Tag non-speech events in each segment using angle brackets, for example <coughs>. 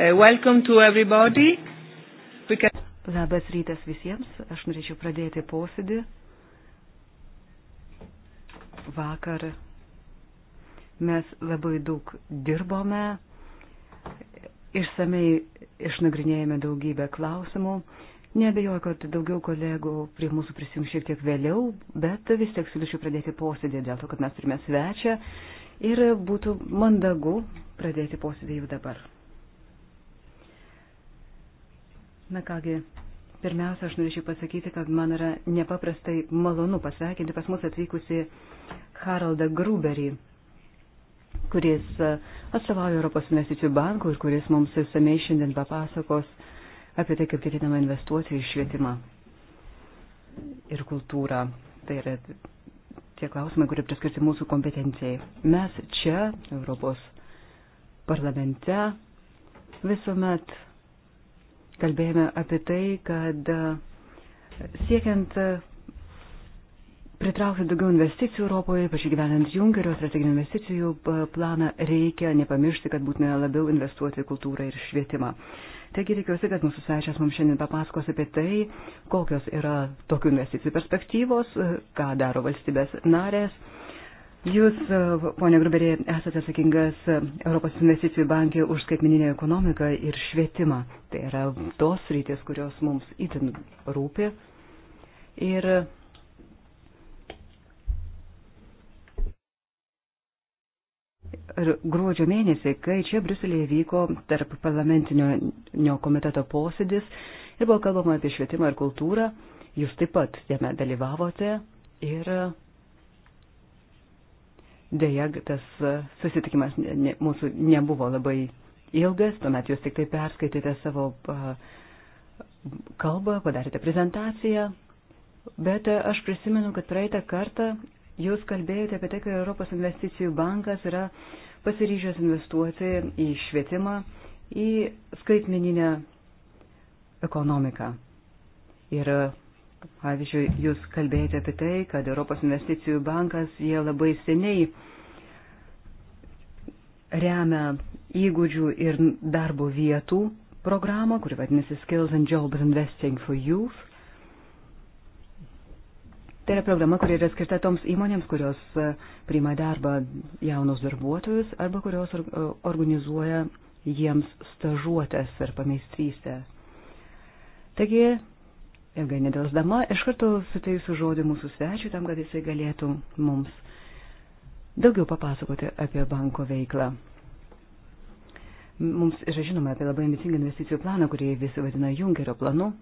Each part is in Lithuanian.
Uh, welcome to everybody. Can... Labas rytas visiems. Aš norėčiau pradėti posėdį. Vakar mes labai daug dirbome, išsamei išnagrinėjome daugybę klausimų. Nebejoju, kad daugiau kolegų prie mūsų prisijungs šiek tiek vėliau, bet vis tiek siūlyčiau pradėti posėdį dėl to, kad mes turime svečią ir būtų mandagu pradėti posėdį jau dabar. Na kągi, pirmiausia, aš norėčiau pasakyti, kad man yra nepaprastai malonu pasveikinti pas mus atvykusi Haraldą Gruberį, kuris e, atstovauja Europos investicijų bankų ir kuris mums išsamei šiandien papasakos apie tai, kaip ketinama investuoti į švietimą ir kultūrą. Tai yra tie klausimai, kurie priskirti mūsų kompetencijai. Mes čia, Europos parlamente, visuomet kalbėjome apie tai, kad e, siekiant e, pritraukti daugiau investicijų Europoje, ypač gyvenant Junkerio strateginių investicijų e, planą, reikia nepamiršti, kad būtina labiau investuoti į kultūrą ir švietimą. Taigi tikiuosi, kad mūsų svečias mums šiandien papasakos apie tai, kokios yra tokių investicijų perspektyvos, ką daro valstybės narės Jūs, e, ponė Gruberė, esate atsakingas Europos investicijų bankė už skaitmininę ekonomiką ir švietimą. Tai yra tos rytis, kurios mums itin rūpi. Ir gruodžio mėnesį, kai čia Bruselėje vyko tarp parlamentinio komiteto posėdis ir buvo kalbama apie švietimą ir kultūrą, jūs taip pat jame dalyvavote ir Deja, tas susitikimas ne, mūsų nebuvo labai ilgas, tuomet jūs tik tai perskaitėte savo kalbą, padarėte prezentaciją, bet aš prisimenu, kad praeitą kartą jūs kalbėjote apie tai, kad Europos investicijų bankas yra pasiryžęs investuoti į švietimą, į skaitmeninę ekonomiką. Ir Pavyzdžiui, jūs kalbėjote apie tai, kad Europos investicijų bankas jie labai seniai remia įgūdžių ir darbo vietų programą, kuri vadinasi Skills and Jobs Investing for Youth. Tai yra programa, kuri yra skirta toms įmonėms, kurios e, priima darbą jaunus darbuotojus arba kurios e, organizuoja jiems stažuotės ir pameistrystę. Taigi Ilgai nedelsdama, iš karto suteisiu žodį mūsų svečiui tam, kad jisai galėtų mums daugiau papasakoti apie banko veiklą. Mums yra žinoma apie labai ambicingą investicijų planą, kurį visi vadina Junkerio planu.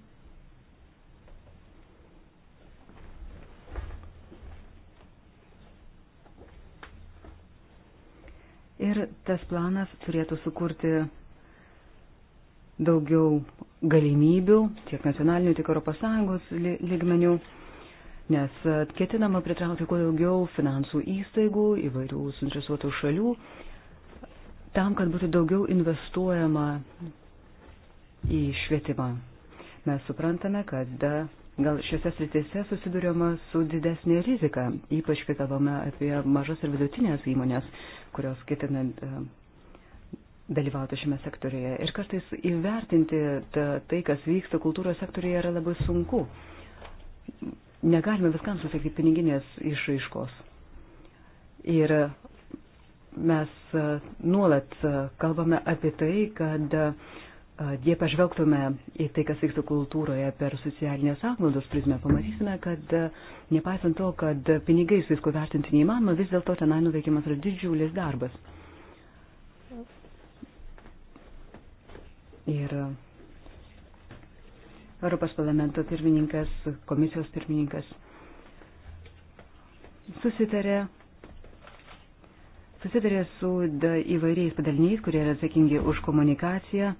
Ir tas planas turėtų sukurti daugiau galimybių tiek nacionalinių, tiek ES lygmenių, nes e, ketinama pritraukti kuo daugiau finansų įstaigų įvairių suinteresuotų šalių, tam, kad būtų daugiau investuojama į švietimą. Mes suprantame, kad e, gal šiuose sritise susidurėma su didesnė rizika, ypač kai kalbame apie mažas ir vidutinės įmonės, kurios ketina e, dalyvauti šiame sektoriuje. Ir kartais įvertinti tai, kas vyksta kultūros sektoriuje, yra labai sunku. Negalime viskam susiekti piniginės išraiškos. Ir mes e, nuolat e, kalbame apie tai, kad e, jei pažvelgtume į tai, kas vyksta kultūroje per socialinės apnaudos prizmę, pamatysime, kad nepaisant to, kad pinigais visko vertinti neįmanoma, vis dėlto tenai nuveikiamas yra didžiulis darbas. Ir Europos parlamento pirmininkas, komisijos pirmininkas susitarė, susitarė su įvairiais padaliniais, kurie yra atsakingi už komunikaciją.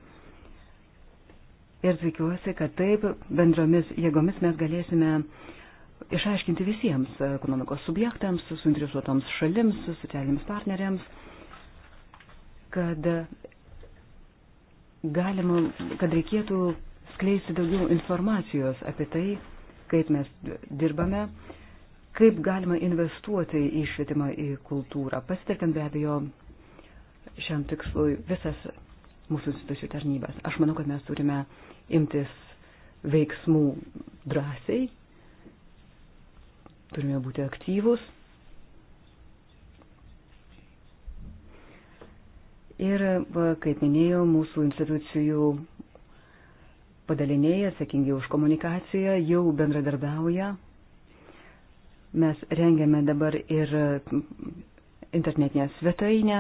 Ir tikiuosi, kad taip bendromis jėgomis mes galėsime išaiškinti visiems ekonomikos subjektams, suinteresuotoms šalims, socialiniams partneriams, kad galima, kad reikėtų skleisti daugiau informacijos apie tai, kaip mes dirbame, kaip galima investuoti į švietimą, į kultūrą, pasitelkiant be abejo šiam tikslui visas mūsų institucijų tarnybas. Aš manau, kad mes turime imtis veiksmų drąsiai, turime būti aktyvus Ir, kaip minėjau, mūsų institucijų padaliniai, atsakingi už komunikaciją, jau bendradarbiauja. Mes rengiame dabar ir internetinę svetainę.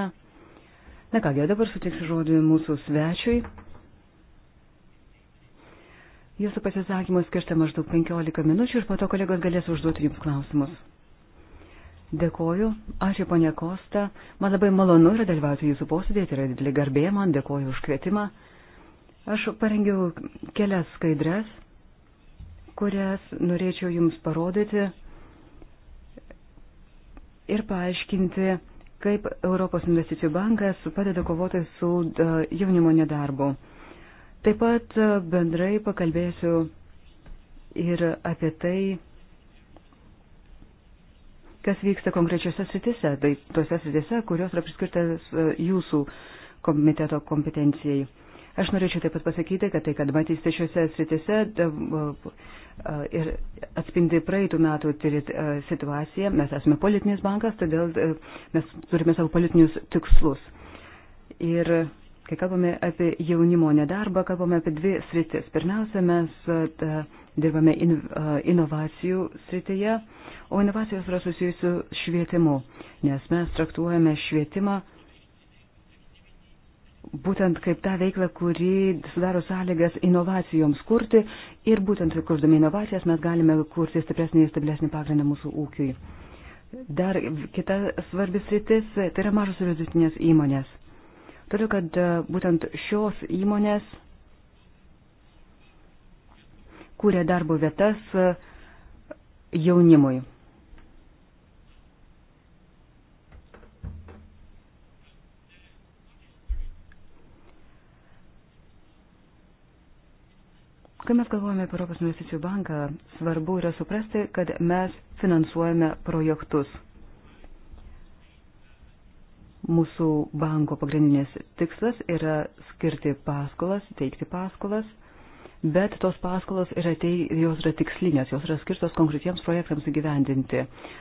Na kągi, dabar sutiksiu žodį mūsų svečiui. Jūsų pasisakymas skirta maždaug 15 minučių ir po to kolegos galės užduoti jums klausimus. Dėkoju, ačiū ponė Kosta, man labai malonu yra dalyvauti jūsų posėdėje, tai yra didelį garbė, man dėkoju už kvietimą. Aš parengiau kelias skaidres, kurias norėčiau jums parodyti ir paaiškinti, kaip Europos investicijų bankas padeda kovoti su e, jaunimo nedarbu. Taip pat e, bendrai pakalbėsiu ir apie tai, kas vyksta konkrečiose sritise, tai tose sritise, kurios yra priskirtas e, jūsų komiteto kompetencijai. Aš norėčiau taip pat pasakyti, kad tai, kad matysite šiuose sritise e, e, ir atspindi praeitų metų situaciją, mes esame politinis bankas, todėl mes turime savo politinius tikslus. Ir kai kalbame apie jaunimo nedarbą, kalbame apie dvi sritis. Pirmiausia, mes dirbame in, inovacijų srityje, o inovacijos yra susijusi su švietimu, nes mes traktuojame švietimą būtent kaip tą veiklą, kuri sudaro sąlygas inovacijoms kurti ir būtent kurdami inovacijas mes galime kurti stipresnį ir stabilesnį pagrindą mūsų ūkiui. Dar kita svarbi sritis tai yra mažos ir vidutinės įmonės. Toliau, kad būtent šios įmonės kūrė darbo vietas e, jaunimui. Kai mes galvojame apie Europos investicijų banką, svarbu yra suprasti, kad mes finansuojame projektus. Mūsų banko pagrindinės tikslas yra skirti paskolas, teikti paskolas bet tos paskolos yra tai, jos yra tikslinės, jos yra skirtos konkretiems projektams įgyvendinti.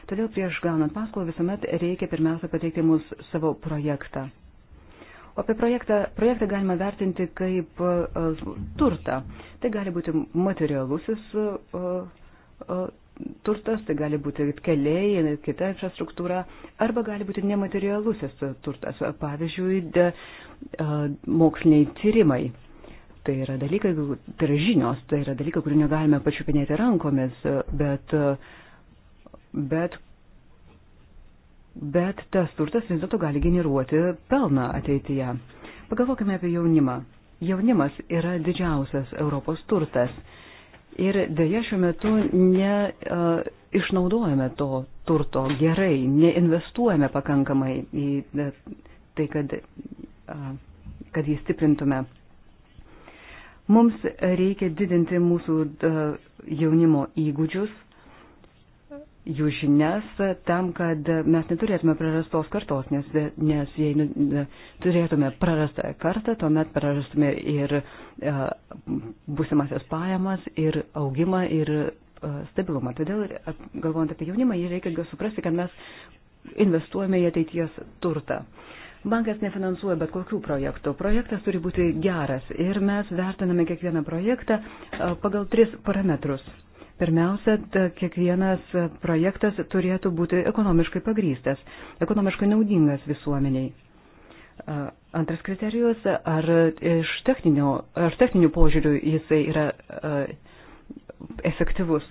Todėl prieš gaunant paskolą visuomet reikia pirmiausia pateikti mums savo projektą. O apie projektą, projektą galima vertinti kaip uh, turtą. Tai gali būti materialusis uh, uh, turtas, tai gali būti keliai, kita infrastruktūra, arba gali būti nematerialusis turtas, pavyzdžiui, de, uh, moksliniai tyrimai. Tai yra dalykai, tai yra žinios, tai yra dalykai, kurių negalime pačiupinėti rankomis, bet, bet, bet tas turtas vis dėlto gali generuoti pelną ateityje. Pagalvokime apie jaunimą. Jaunimas yra didžiausias Europos turtas. Ir dėja šiuo metu neišnaudojame uh, to turto gerai, neinvestuojame pakankamai į uh, tai, kad, uh, kad jį stiprintume. Mums reikia didinti mūsų e, jaunimo įgūdžius, jų žinias, e, tam, kad mes neturėtume prarastos kartos, nes, e, nes jei turėtume prarastą kartą, tuomet prarastume ir būsimasias pajamas, ir augimą, ir stabilumą. Todėl, galvojant apie jaunimą, jį reikia suprasti, kad mes investuojame į ateities turtą. Bankas nefinansuoja bet kokių projektų. Projektas turi būti geras ir mes vertiname kiekvieną projektą e, pagal tris parametrus. Pirmiausia, kiekvienas projektas turėtų būti ekonomiškai pagrystas, ekonomiškai naudingas visuomeniai. E, antras kriterijus, ar iš techninio, ar techninių požiūrių jisai yra e, efektyvus.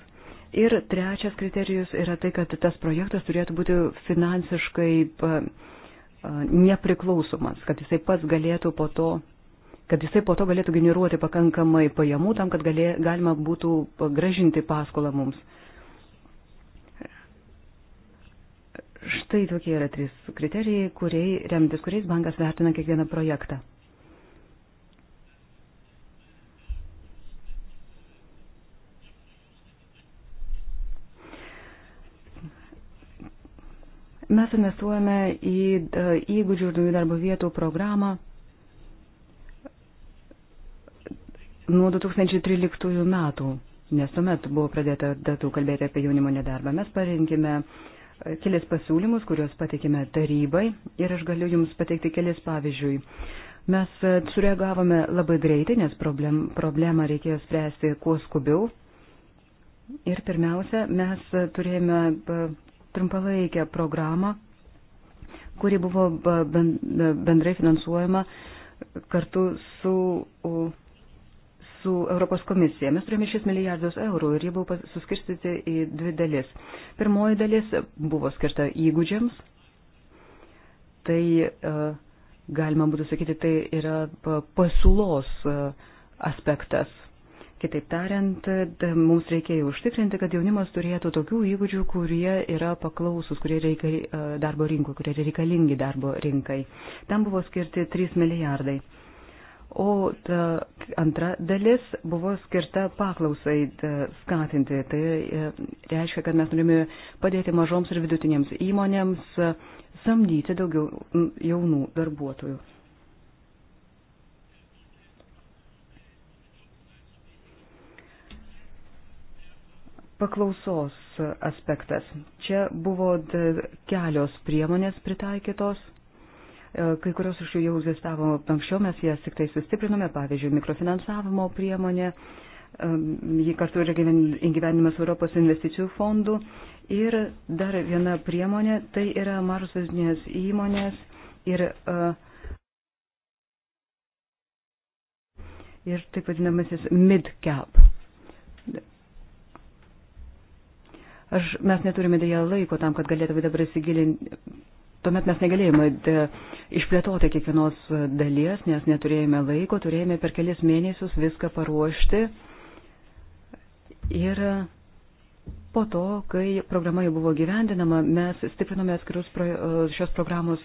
Ir trečias kriterijus yra tai, kad tas projektas turėtų būti finansiškai nepriklausomas, kad jisai pats galėtų po to, kad jisai po to galėtų generuoti pakankamai pajamų tam, kad galė, galima būtų gražinti paskolą mums. Štai tokie yra trys kriterijai, kuriai, remtis kuriais bankas vertina kiekvieną projektą. Mes investuojame į e, įgūdžių ir naujų darbo vietų programą nuo 2013 metų, nes tuomet buvo pradėta datų kalbėti apie jaunimo nedarbą. Mes parinkime kelias pasiūlymus, kuriuos pateikime tarybai ir aš galiu Jums pateikti kelias pavyzdžiui. Mes e, sureagavome labai greitai, nes problem, problemą reikėjo spręsti kuo skubiau. Ir pirmiausia, mes e, turėjome trumpalaikę programą, kuri buvo bendrai finansuojama kartu su, su Europos komisija. Mes turėjome 6 milijardus eurų ir jie buvo suskirstyti į dvi dalis. Pirmoji dalis buvo skirta įgūdžiams. Tai e, galima būtų sakyti, tai yra pasiūlos e, aspektas Kitaip tariant, mums reikėjo užtikrinti, kad jaunimas turėtų tokių įgūdžių, kurie yra paklausus, kurie reikia e, darbo rinkų, kurie reikalingi darbo rinkai. Tam buvo skirti 3 milijardai. O ta antra dalis buvo skirta paklausai skatinti. Tai e, reiškia, kad mes turime padėti mažoms ir vidutinėms įmonėms e, samdyti daugiau jaunų darbuotojų. paklausos aspektas. Čia buvo kelios priemonės pritaikytos. E, kai kurios iš jų jau egzistavo anksčiau, mes jas tik tai sustiprinome, pavyzdžiui, mikrofinansavimo priemonė, e, jį kartu yra įgyvenimas Europos investicijų fondų ir dar viena priemonė, tai yra mažos vidutinės įmonės ir, e, ir taip vadinamasis mid-cap Aš, mes neturime dėja laiko tam, kad galėtume dabar įsigilinti. Tuomet mes negalėjome e, išplėtoti kiekvienos e, dalies, nes neturėjome laiko, turėjome per kelias mėnesius viską paruošti. Ir e, po to, kai programa jau buvo gyvendinama, mes stiprinome atskirius pro, šios programos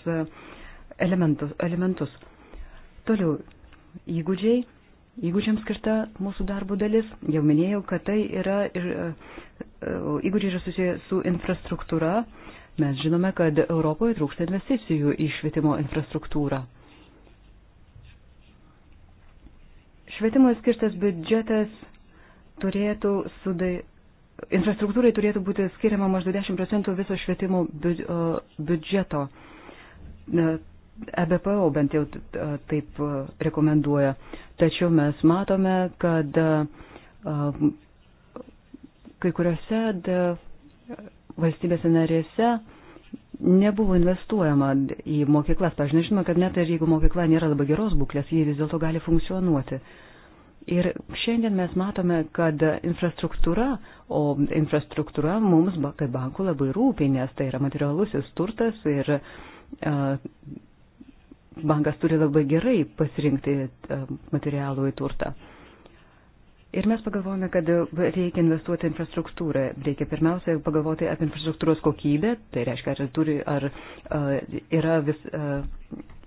elementus. elementus. Toliau, įgūdžiai įgūdžiams skirta mūsų darbo dalis. Jau minėjau, kad tai yra, e, e, įgūdžiai yra susiję su infrastruktūra. Mes žinome, kad Europoje trūksta investicijų į švietimo infrastruktūrą. Švietimui skirtas biudžetas turėtų sudai. Infrastruktūrai turėtų būti skiriama maždaug 10 procentų viso švietimo e, biudžeto. EBPO bent jau taip e, rekomenduoja. Tačiau mes matome, kad e, kai kuriuose valstybėse narėse nebuvo investuojama į mokyklas. Pavyzdžiui, žinoma, kad net ir jeigu mokykla nėra labai geros būklės, jie vis dėlto gali funkcionuoti. Ir šiandien mes matome, kad infrastruktūra, o infrastruktūra mums, kaip bankų, labai rūpi, nes tai yra materialusis turtas ir uh, bankas turi labai gerai pasirinkti e, materialų į turtą. Ir mes pagalvojame, kad reikia investuoti infrastruktūrą. Reikia pirmiausia pagalvoti apie infrastruktūros kokybę, tai reiškia, ar, turi, ar uh, yra vis, uh,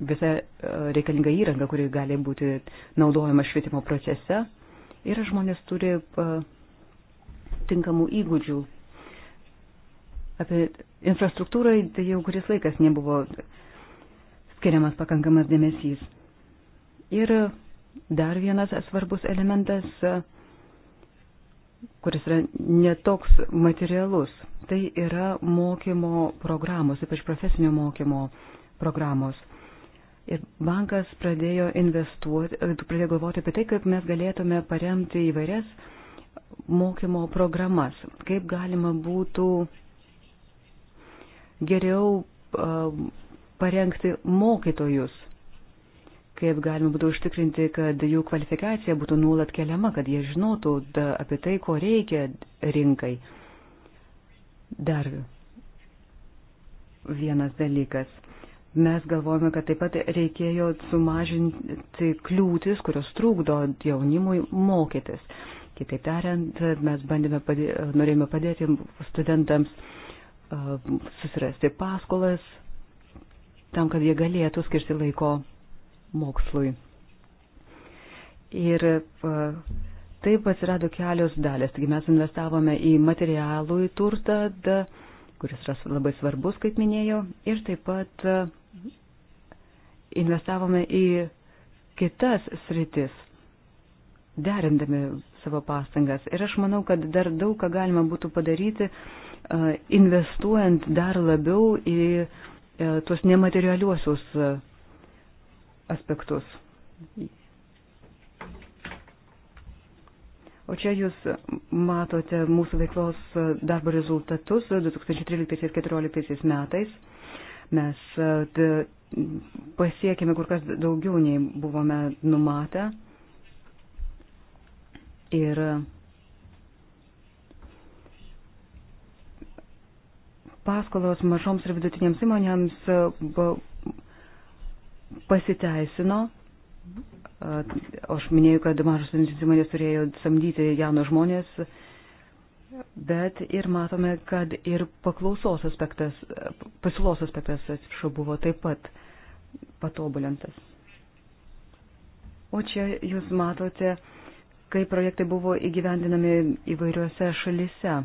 visa uh, reikalinga įranga, kuri gali būti naudojama švietimo procese. Ir žmonės turi uh, tinkamų įgūdžių. Apie infrastruktūrą tai jau kuris laikas nebuvo uh, skiriamas pakankamas dėmesys. Ir dar vienas svarbus elementas, kuris yra netoks materialus, tai yra mokymo programos, ypač profesinio mokymo programos. Ir bankas pradėjo investuoti, pradėjo galvoti apie tai, kaip mes galėtume paremti įvairias mokymo programas, kaip galima būtų geriau uh, parengti mokytojus, kaip galima būtų užtikrinti, kad jų kvalifikacija būtų nuolat keliama, kad jie žinotų da, apie tai, ko reikia rinkai. Dar vienas dalykas. Mes galvojame, kad taip pat reikėjo sumažinti kliūtis, kurios trukdo jaunimui mokytis. Kitaip tariant, mes bandėme padė, norėjome padėti studentams susirasti paskolas, tam, kad jie galėtų skirti laiko mokslui. Ir taip atsirado kelios dalės. Taigi mes investavome į materialų, į turtą, kuris yra labai svarbus, kaip minėjau, ir taip pat investavome į kitas sritis, derindami savo pastangas. Ir aš manau, kad dar daug ką galima būtų padaryti, investuojant dar labiau į uh, E, tuos nematerialiuosius e, aspektus. O čia jūs matote mūsų veiklos darbo rezultatus 2013-2014 metais. Mes e, pasiekėme kur kas daugiau nei buvome numatę. Ir paskolos mažoms ir vidutinėms įmonėms e, pasiteisino. Aš minėjau, kad mažos įmonės turėjo samdyti jaunus žmonės, bet ir matome, kad ir paklausos aspektas, pasiūlos aspektas, atsiprašau, buvo taip pat patobulintas. O čia jūs matote, kaip projektai buvo įgyvendinami įvairiuose šalise.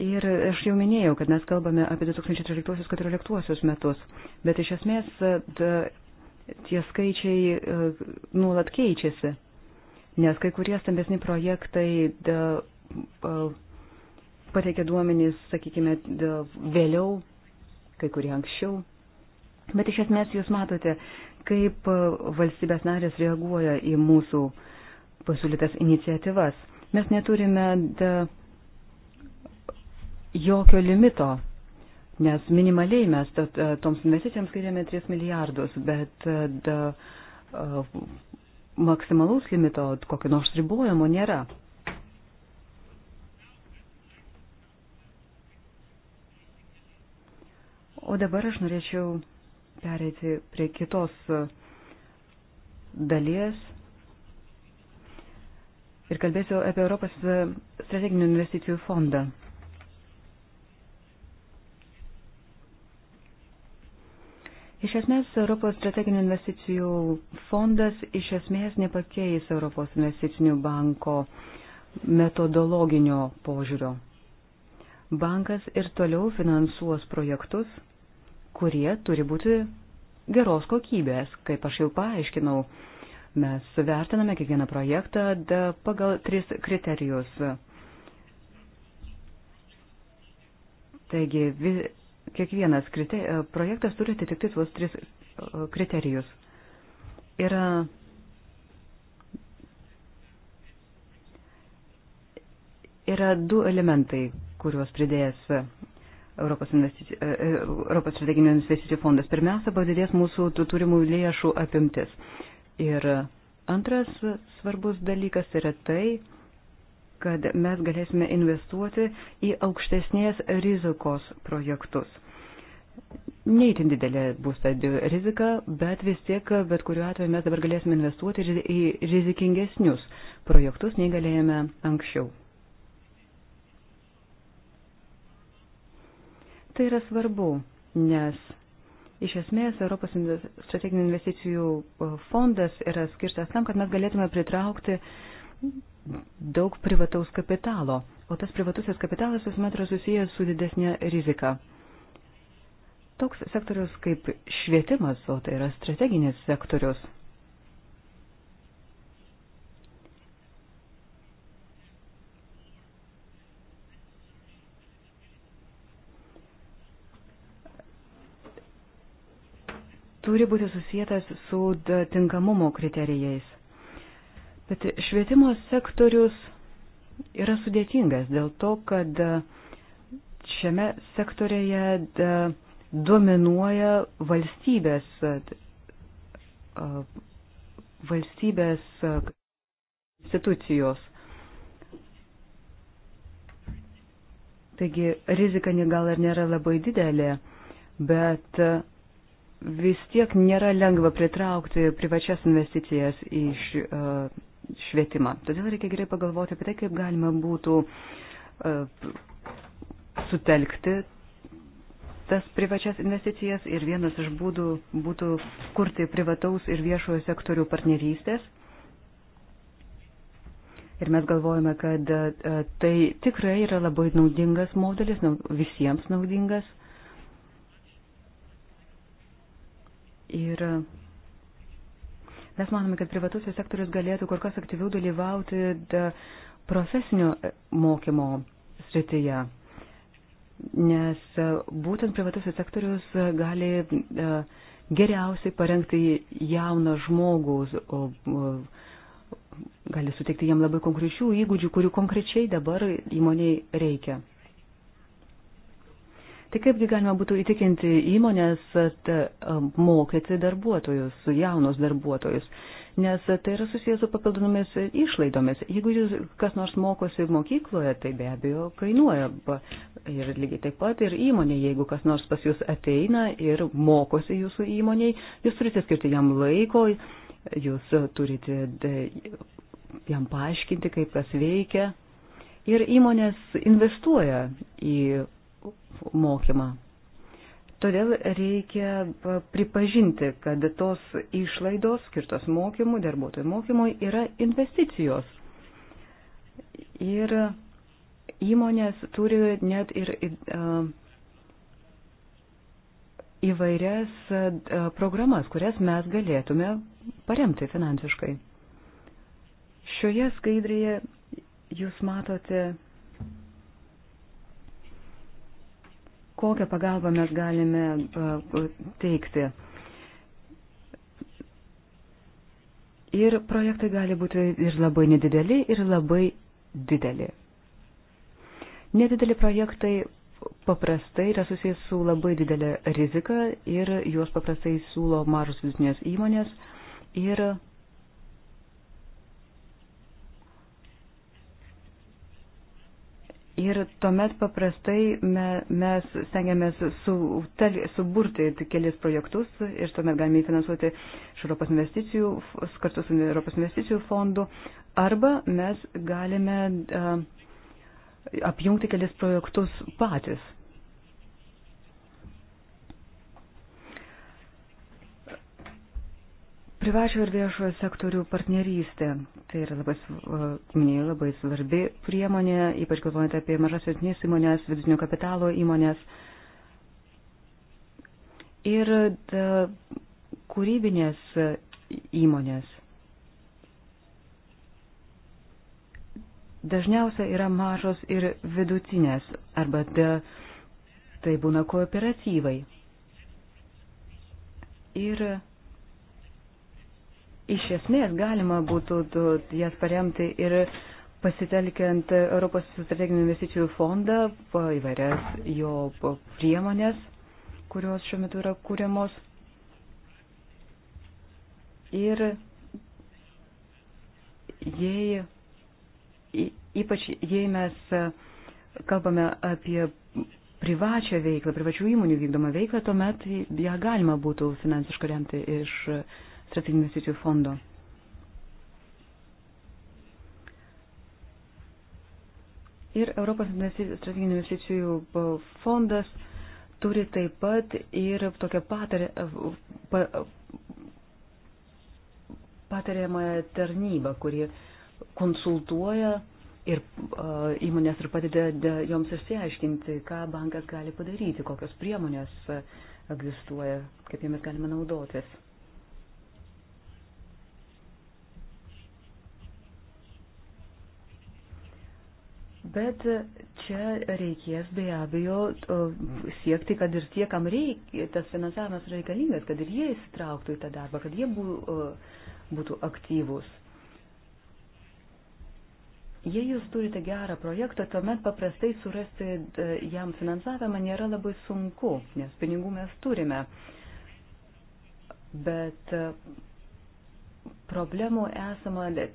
Ir aš jau minėjau, kad mes kalbame apie 2013-2014 metus, bet iš esmės da, tie skaičiai e, nuolat keičiasi, nes kai kurie stambesni projektai da, pateikia duomenys, sakykime, da, vėliau, kai kurie anksčiau. Bet iš esmės jūs matote, kaip e, valstybės narės reaguoja į mūsų pasiūlytas iniciatyvas. Mes neturime da, jokio limito, nes minimaliai mes tad, toms investicijoms skiriame 3 milijardus, bet e, da, e, maksimalaus limito kokio nors ribojimo nėra. O dabar aš norėčiau pereiti prie kitos e, dalies ir kalbėsiu apie Europos strateginių investicijų fondą. Iš esmės, Europos strateginių investicijų fondas iš esmės nepakeis Europos investicinių banko metodologinio požiūrio. Bankas ir toliau finansuos projektus, kurie turi būti geros kokybės, kaip aš jau paaiškinau. Mes vertiname kiekvieną projektą pagal tris kriterijus. Taigi, kiekvienas krite, e, projektas turi atitikti tuos tris e, kriterijus. Yra Yra du elementai, kuriuos pridėjęs e, Europos, Europos strateginių investicijų fondas. Pirmiausia, padidės mūsų turimų lėšų apimtis. Ir antras svarbus dalykas yra tai, kad mes galėsime investuoti į aukštesnės rizikos projektus. Neįtin didelė bus ta rizika, bet vis tiek, bet kuriuo atveju mes dabar galėsime investuoti į rizikingesnius projektus, nei galėjome anksčiau. Tai yra svarbu, nes iš esmės Europos strateginių investicijų fondas yra skirtas tam, kad mes galėtume pritraukti daug privataus kapitalo, o tas privatusis kapitalas visuomet yra susijęs su didesnė rizika. Toks sektorius kaip švietimas, o tai yra strateginis sektorius. turi būti susijęs su tinkamumo kriterijais. Bet švietimo sektorius yra sudėtingas dėl to, kad šiame sektorėje dominuoja valstybės, valstybės institucijos. Taigi rizika gal ir nėra labai didelė, bet vis tiek nėra lengva pritraukti privačias investicijas iš uh, švietimą. Todėl reikia gerai pagalvoti apie tai, kaip galima būtų e, sutelkti tas privačias investicijas ir vienas iš būdų būtų kurti privataus ir viešojo sektorių partnerystės. Ir mes galvojame, kad e, tai tikrai yra labai naudingas modelis, visiems naudingas. Ir Mes manome, kad privatusis sektorius galėtų kur kas aktyviau dalyvauti profesinio e, mokymo srityje, nes e, būtent privatusis sektorius e, gali geriausiai parengti jauną žmogų, gali suteikti jam labai konkrečių įgūdžių, kurių konkrečiai dabar įmoniai reikia. Tai kaipgi galima būtų įtikinti įmonės ta, mokyti darbuotojus, jaunus darbuotojus, nes tai yra susijęs su papildomomis išlaidomis. Jeigu jūs kas nors mokosi mokykloje, tai be abejo kainuoja. Ir lygiai taip pat ir įmonė, jeigu kas nors pas jūs ateina ir mokosi jūsų įmoniai, jūs turite skirti jam laiko, jūs turite jam paaiškinti, kaip kas veikia. Ir įmonės investuoja į mokymą. Todėl reikia e, pripažinti, kad tos išlaidos skirtos mokymui, darbuotojų mokymui yra investicijos. Ir įmonės turi net ir e, įvairias e, programas, kurias mes galėtume paremti finansiškai. Šioje skaidrėje jūs matote kokią pagalbą mes galime teikti. Ir projektai gali būti ir labai nedideli, ir labai dideli. Nedideli projektai paprastai yra susijęs su labai didelė rizika ir juos paprastai siūlo mažos vidutinės įmonės ir Ir tuomet paprastai me, mes stengiamės su, tel, suburti kelis projektus ir tuomet galime finansuoti iš Europos investicijų, kartu su Europos investicijų fondu, arba mes galime a, apjungti kelis projektus patys. Privačio ir viešojo sektorių partnerystė. Tai yra labai, e, minėjau, labai svarbi priemonė, ypač galvojant apie mažas vidinės įmonės, vidinio kapitalo įmonės. Ir da, e, kūrybinės įmonės. Dažniausia yra mažos ir vidutinės, arba da, tai būna kooperatyvai. Ir iš esmės galima būtų jas paremti ir pasitelkiant Europos strateginių investicijų fondą, įvairias jo priemonės, kurios šiuo metu yra kūriamos. Ir jei, ypač jei mes kalbame apie privačią veiklą, privačių įmonių vykdomą veiklą, tuomet ją galima būtų finansiškai remti iš strateginių investicijų fondo. Ir Europos strateginių investicijų fondas turi taip pat ir tokią patarę, pa, patariamąją tarnybą, kuri konsultuoja ir uh, įmonės ir padeda joms išsiaiškinti, ką bankas gali padaryti, kokios priemonės egzistuoja, kaip jomis galima naudotis. Bet čia reikės be abejo siekti, kad ir tie, kam reikia, tas finansavimas reikalingas, kad ir jie įsitrauktų į tą darbą, kad jie būtų aktyvūs. Jei jūs turite gerą projektą, tuomet paprastai surasti e, jam finansavimą nėra labai sunku, nes pinigų mes turime. Bet e, problemų esama e,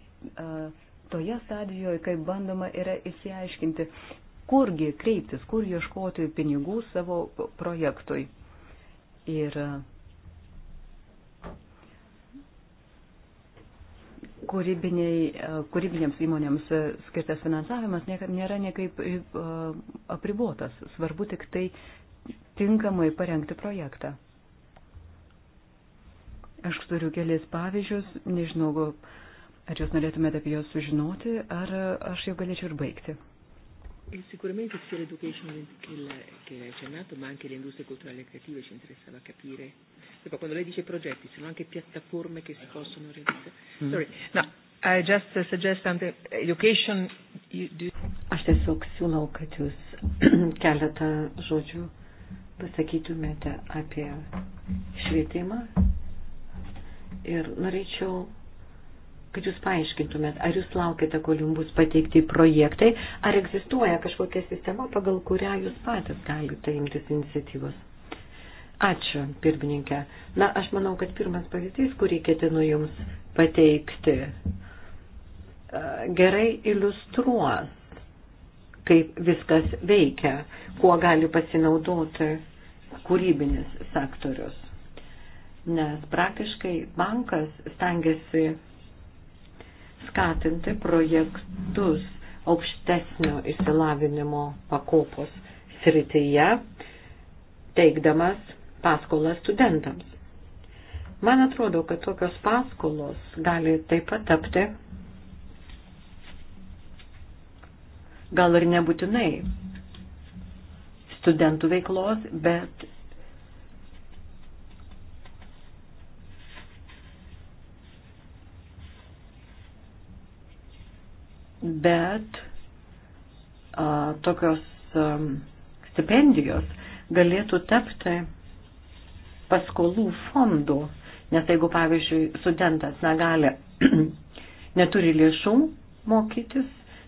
toje stadijoje, kai bandoma yra įsiaiškinti, kurgi kreiptis, kur ieškoti pinigų savo projektui. Ir kūrybinėms įmonėms skirtas finansavimas nėra nekaip e, apribuotas. Svarbu tik tai tinkamai parengti projektą. Aš turiu kelias pavyzdžius, nežinau, Ar jūs norėtumėte apie juos sužinoti, ar aš jau galėčiau ir baigti? Sicuramente sia l'education che, il, che hai accennato, ma anche le industrie culturali e creative ci interessava capire. Perché quando lei dice progetti, sono anche piattaforme che si possono realizzare. Mm. Sorry. No, I just suggest something. Education. You, do... Aš tiesiog siūlau, kad jūs <clears throat> keletą žodžių pasakytumėte apie švietimą. Ir norėčiau kad jūs paaiškintumėt, ar jūs laukite, kol jums bus pateikti projektai, ar egzistuoja kažkokia sistema, pagal kurią jūs patys galite imtis iniciatyvos. Ačiū, pirmininkė. Na, aš manau, kad pirmas pavyzdys, kurį ketinu jums pateikti, e, gerai iliustruos, kaip viskas veikia, kuo gali pasinaudoti kūrybinis sektorius. Nes praktiškai bankas stengiasi skatinti projektus aukštesnio įsilavinimo pakopos srityje, teikdamas paskolas studentams. Man atrodo, kad tokios paskolos gali taip pat tapti, gal ir nebūtinai studentų veiklos, bet bet a, tokios a, stipendijos galėtų tapti paskolų fondų, nes jeigu, pavyzdžiui, studentas negali, <clears throat> neturi lėšų mokytis,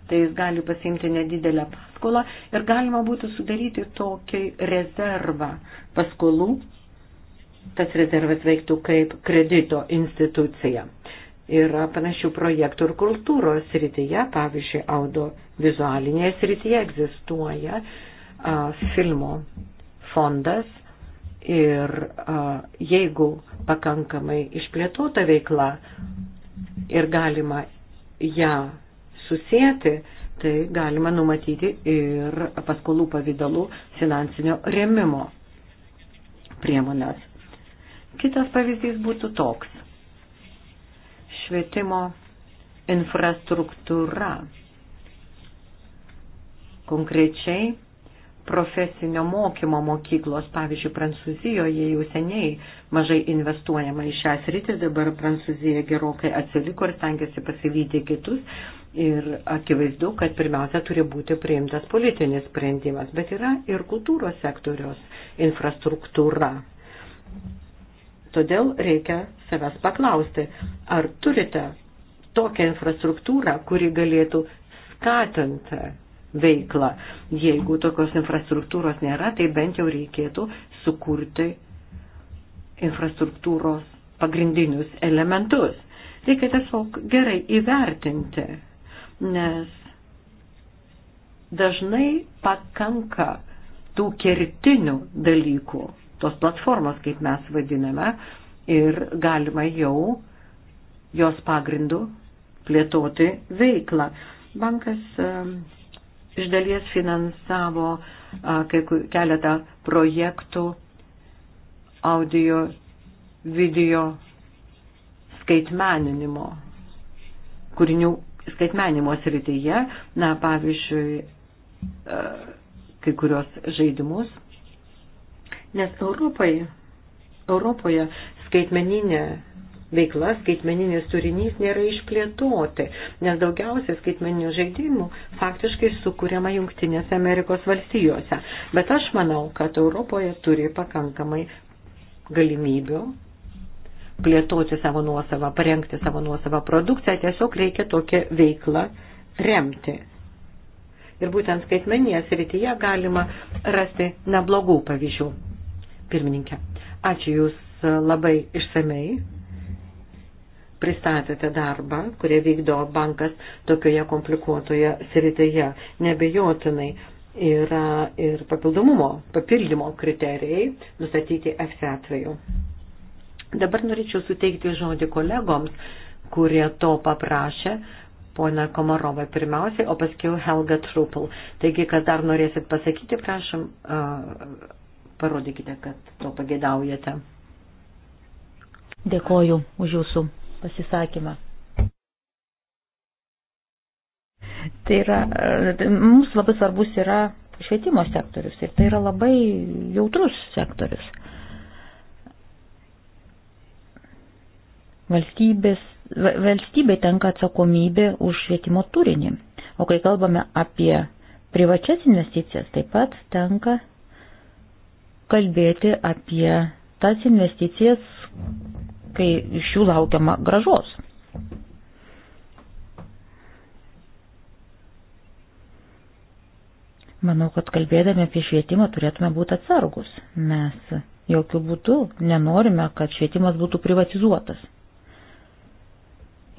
tai jis gali pasimti nedidelę paskolą ir galima būtų sudaryti tokį rezervą paskolų. Tas rezervas veiktų kaip kredito institucija yra panašių projektų ir kultūros srityje, pavyzdžiui, audio vizualinėje srityje egzistuoja a, filmo fondas ir a, jeigu pakankamai išplėtota veikla ir galima ją susijęti, tai galima numatyti ir paskolų pavydalų finansinio remimo priemonės. Kitas pavyzdys būtų toks švietimo infrastruktūra. Konkrečiai profesinio mokymo mokyklos, pavyzdžiui, Prancūzijoje jau seniai mažai investuojama į šią sritį, dabar Prancūzija gerokai atsiliko ir stengiasi pasivyti kitus ir akivaizdu, kad pirmiausia turi būti priimtas politinis sprendimas, bet yra ir kultūros sektoriaus infrastruktūra. Todėl reikia savęs paklausti, ar turite tokią infrastruktūrą, kuri galėtų skatinti veiklą. Jeigu tokios infrastruktūros nėra, tai bent jau reikėtų sukurti infrastruktūros pagrindinius elementus. Reikia tiesiog gerai įvertinti, nes dažnai pakanka tų kertinių dalykų, tos platformos, kaip mes vadiname, ir galima jau jos pagrindų plėtoti veiklą. Bankas iš dalies finansavo keletą projektų audio video skaitmeninimo kūrinių skaitmenimo srityje, na, pavyzdžiui, kai kurios žaidimus, nes Europai, Europoje skaitmeninė veikla, skaitmeninis turinys nėra išplėtoti, nes daugiausiai skaitmeninių žaidimų faktiškai sukūriama Junktinėse Amerikos valstijose. Bet aš manau, kad Europoje turi pakankamai galimybių plėtoti savo nuosavą, parengti savo nuosavą produkciją, tiesiog reikia tokią veiklą remti. Ir būtent skaitmeninėje srityje galima rasti neblogų pavyzdžių. Pirmininkė, ačiū Jūs labai išsamei pristatėte darbą, kurie vykdo bankas tokioje komplikuotoje srityje. Nebejotinai yra ir papildomumo, papildymo kriterijai nustatyti FC atveju. Dabar norėčiau suteikti žodį kolegoms, kurie to paprašė, pona Komarova pirmiausiai, o paskui Helga Trupel. Taigi, kas dar norėsit pasakyti, prašom, parodykite, kad to pagėdaujate. Dėkoju už jūsų pasisakymą. Tai yra, e, mums labai svarbus yra švietimo sektorius ir tai yra labai jautrus sektorius. Valstybės, valstybė tenka atsakomybė už švietimo turinį, o kai kalbame apie privačias investicijas, taip pat tenka kalbėti apie tas investicijas, kai iš jų laukiama gražos. Manau, kad kalbėdami apie švietimą turėtume būti atsargus, nes jokių būdų nenorime, kad švietimas būtų privatizuotas.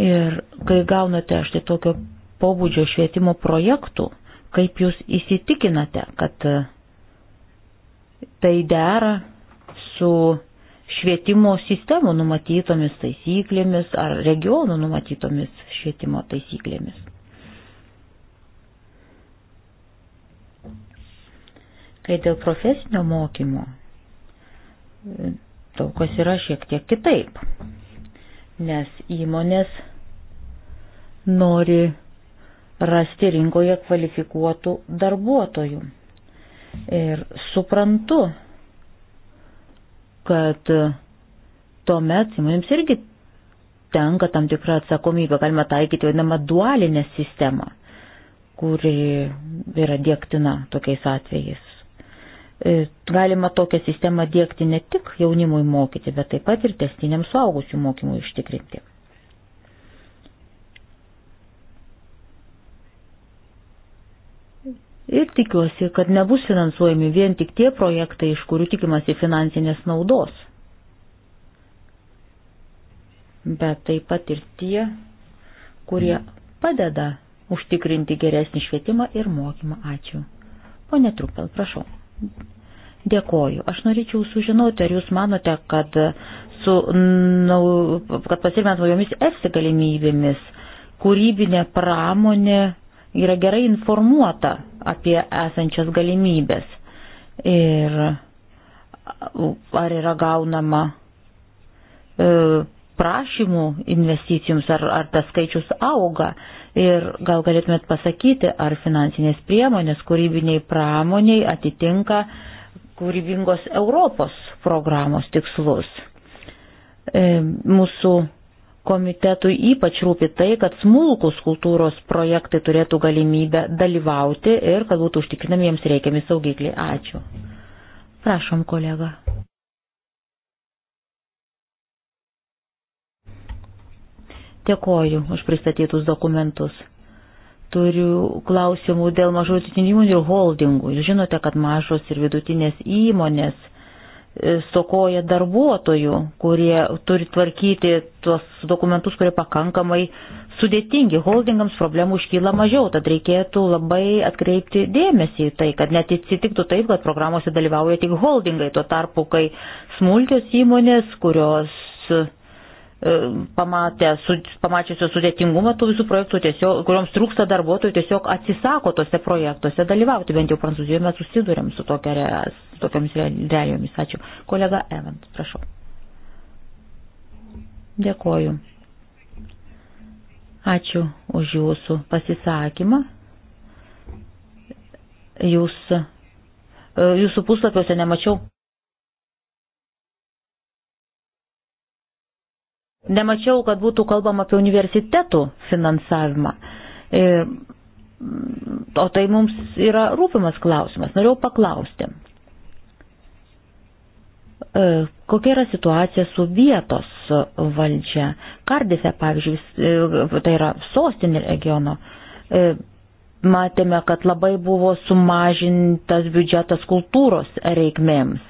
Ir kai gaunate štai tokio pobūdžio švietimo projektų, kaip jūs įsitikinate, kad tai dera su švietimo sistemų numatytomis taisyklėmis ar regionų numatytomis švietimo taisyklėmis. Kai dėl profesinio mokymo daug kas yra šiek tiek kitaip, nes įmonės nori rasti rinkoje kvalifikuotų darbuotojų. Ir suprantu, kad tuomet įmonėms irgi tenka tam tikrą atsakomybę, galima taikyti vadinamą dualinę sistemą, kuri yra dėktina tokiais atvejais. E, galima tokią sistemą dėkti ne tik jaunimui mokyti, bet taip pat ir testiniam suaugusių mokymui ištikrinti. ir tikiuosi, kad nebus finansuojami vien tik tie projektai, iš kurių tikimasi finansinės naudos, bet taip pat ir tie, kurie padeda užtikrinti geresnį švietimą ir mokymą. Ačiū. Pone Trupel, prašau. Dėkoju. Aš norėčiau sužinoti, ar jūs manote, kad, su, na, kad pasirmėt naujomis EFSI galimybėmis kūrybinė pramonė yra gerai informuota apie esančias galimybės ir ar yra gaunama e, prašymų investicijoms, ar, ar tas skaičius auga. Ir gal galėtumėt pasakyti, ar finansinės priemonės kūrybiniai pramoniai atitinka kūrybingos Europos programos tikslus. E, mūsų komitetui ypač rūpi tai, kad smulkus kultūros projektai turėtų galimybę dalyvauti ir kad būtų užtikrinami jiems reikiami saugikliai. Ačiū. Prašom, kolega. Dėkoju už pristatytus dokumentus. Turiu klausimų dėl mažų atsitinimų ir holdingų. Jūs žinote, kad mažos ir vidutinės įmonės E, stokoja darbuotojų, kurie turi tvarkyti tuos dokumentus, kurie pakankamai sudėtingi. Holdingams problemų iškyla mažiau, tad reikėtų labai atkreipti dėmesį į tai, kad net atsitiktų taip, kad programuose dalyvauja tik holdingai, tuo tarpu, kai smulkios įmonės, kurios E, pamatę, su, pamačiusio sudėtingumą tų visų projektų, tiesiog, kuriuoms trūksta darbuotojų, tiesiog atsisako tose projektuose dalyvauti. Bent jau Prancūzijoje mes susidurėm su tokia reas, tokiamis realijomis. Ačiū. Kolega Evans, prašau. Dėkoju. Ačiū už jūsų pasisakymą. Jūs, e, jūsų puslapiuose nemačiau Nemačiau, kad būtų kalbama apie universitetų finansavimą. Ir, e, o tai mums yra rūpimas klausimas. Norėjau paklausti, e, kokia yra situacija su vietos valdžia. Kardise, pavyzdžiui, e, tai yra sostinė regiono, matėme, kad labai buvo sumažintas biudžetas kultūros reikmėms.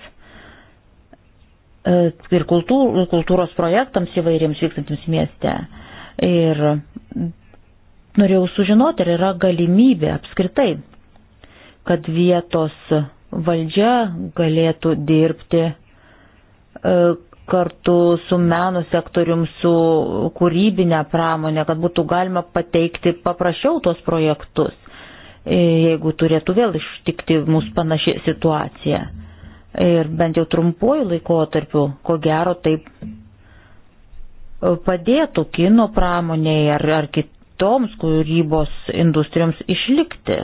E, ir kultūros projektams įvairiems vykstantiems mieste. Ir norėjau sužinoti, ar yra galimybė apskritai, kad vietos valdžia galėtų dirbti e, kartu su meno sektorium, su kūrybinė pramonė, kad būtų galima pateikti paprasčiau tos projektus, e, jeigu turėtų vėl ištikti mūsų panaši situacija ir bent jau trumpuoju laikotarpiu, ko gero taip e, padėtų kino pramoniai ar, ar kitoms kūrybos industrijoms išlikti.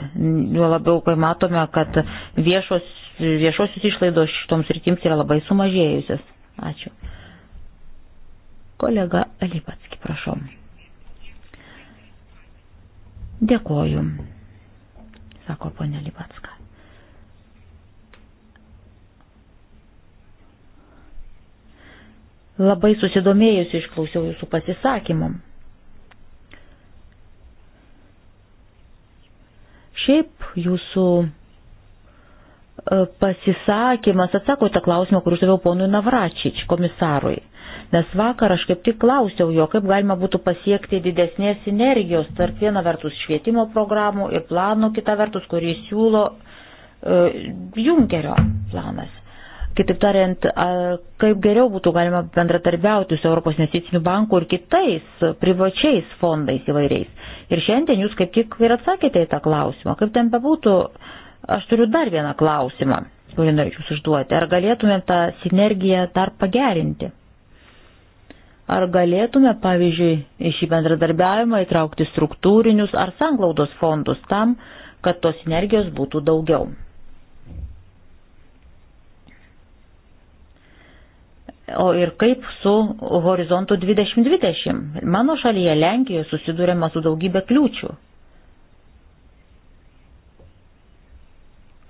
Jo labiau, kai matome, kad viešos, viešosios išlaidos šitoms rytims yra labai sumažėjusios. Ačiū. Kolega Alipatski, prašom. Dėkoju, sako ponė Lipatska. Labai susidomėjusi išklausiau jūsų pasisakymų. Šiaip jūsų e, pasisakymas atsako tą klausimą, kurį uždaviau ponui Navračič, komisarui. Nes vakar aš kaip tik klausiau jo, kaip galima būtų pasiekti didesnės sinergijos tarp viena vertus švietimo programų ir plano, kita vertus, kurį siūlo e, Junkerio planas. Kitaip tariant, kaip geriau būtų galima bendratarbiauti su Europos investicinių banku ir kitais privačiais fondais įvairiais. Ir šiandien jūs kaip tik ir atsakėte į tą klausimą. Kaip ten bebūtų, aš turiu dar vieną klausimą, kurį norėčiau užduoti. Ar galėtumėm tą sinergiją dar pagerinti? Ar galėtume, pavyzdžiui, į šį bendradarbiavimą įtraukti struktūrinius ar sanglaudos fondus tam, kad tos energijos būtų daugiau? O ir kaip su horizontu 2020? Mano šalyje Lenkijoje susidūrėma su daugybė kliūčių,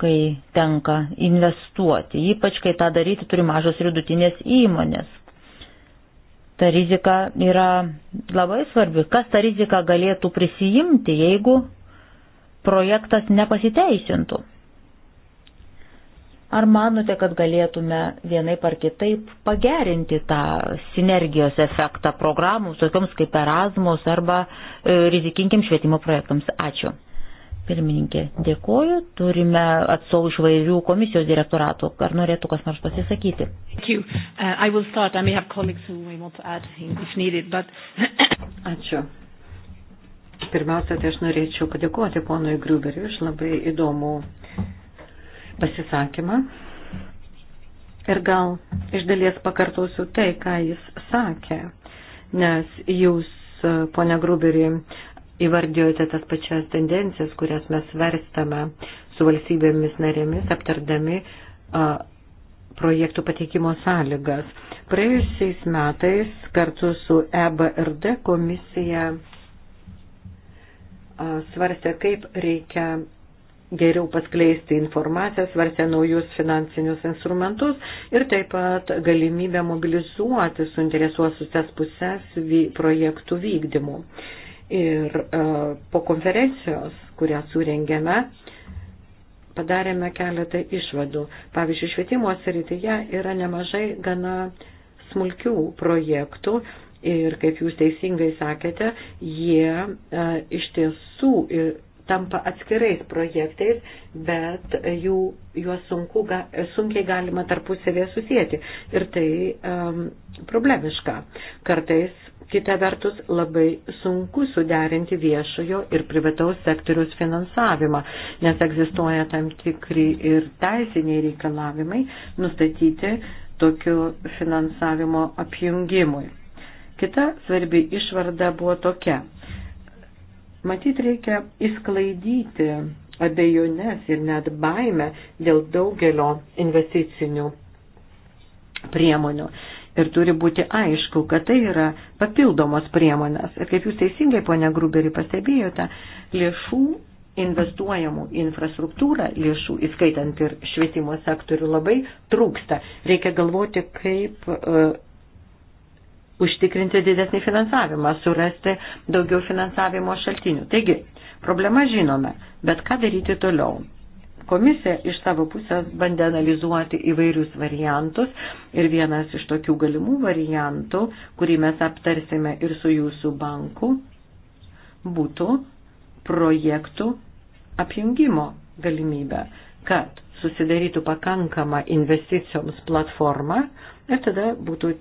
kai tenka investuoti, ypač kai tą daryti turi mažos ir vidutinės įmonės. Ta rizika yra labai svarbi. Kas tą riziką galėtų prisijimti, jeigu projektas nepasiteisintų? Ar manote, kad galėtume vienaip ar kitaip pagerinti tą sinergijos efektą programų, tokioms kaip Erasmus arba e, rizikinkim švietimo projektams? Ačiū. Pirmininkė, dėkoju. Turime atstovų iš vairių komisijos direktoratų. Ar norėtų kas nors pasisakyti? Uh, <coughs> Ačiū. Pirmiausia, tai aš norėčiau padėkoti ponui Gruberiui už labai įdomų uh, pasisakymą ir gal iš dalies pakartosiu tai, ką jis sakė, nes jūs, ponia Gruberi, įvardijote tas pačias tendencijas, kurias mes verstame su valstybėmis narėmis, aptardami a, projektų pateikimo sąlygas. Praėjusiais metais kartu su EBRD komisija svarstė, kaip reikia geriau paskleisti informaciją, svarstė naujus finansinius instrumentus ir taip pat galimybę mobilizuoti suinteresuosus tas pusės projektų vykdymų. Ir e, po konferencijos, kurią surengėme, padarėme keletą išvadų. Pavyzdžiui, švietimo srityje yra nemažai gana smulkių projektų ir, kaip jūs teisingai sakėte, jie e, iš tiesų ir tampa atskirais projektais, bet jų, juos sunku, ga, sunkiai galima tarpusavėje susijęti. Ir tai um, problemiška. Kartais, kita vertus, labai sunku suderinti viešojo ir privataus sektoriaus finansavimą, nes egzistuoja tam tikri ir teisiniai reikalavimai nustatyti tokiu finansavimo apjungimui. Kita svarbi išvarda buvo tokia Matyt, reikia įsklaidyti abejonės ir net baimę dėl daugelio investicinių priemonių. Ir turi būti aišku, kad tai yra papildomos priemonės. Ir kaip jūs teisingai, ponia Gruberį, pastebėjote, lėšų investuojamų infrastruktūrą lėšų, įskaitant ir švietimo sektorių, labai trūksta. Reikia galvoti, kaip e, užtikrinti didesnį finansavimą, surasti daugiau finansavimo šaltinių. Taigi, problemą žinome, bet ką daryti toliau? Komisija iš savo pusės bandė analizuoti įvairius variantus ir vienas iš tokių galimų variantų, kurį mes aptarsime ir su jūsų banku, būtų projektų apjungimo galimybę, kad susidarytų pakankama investicijoms platforma ir tada būtų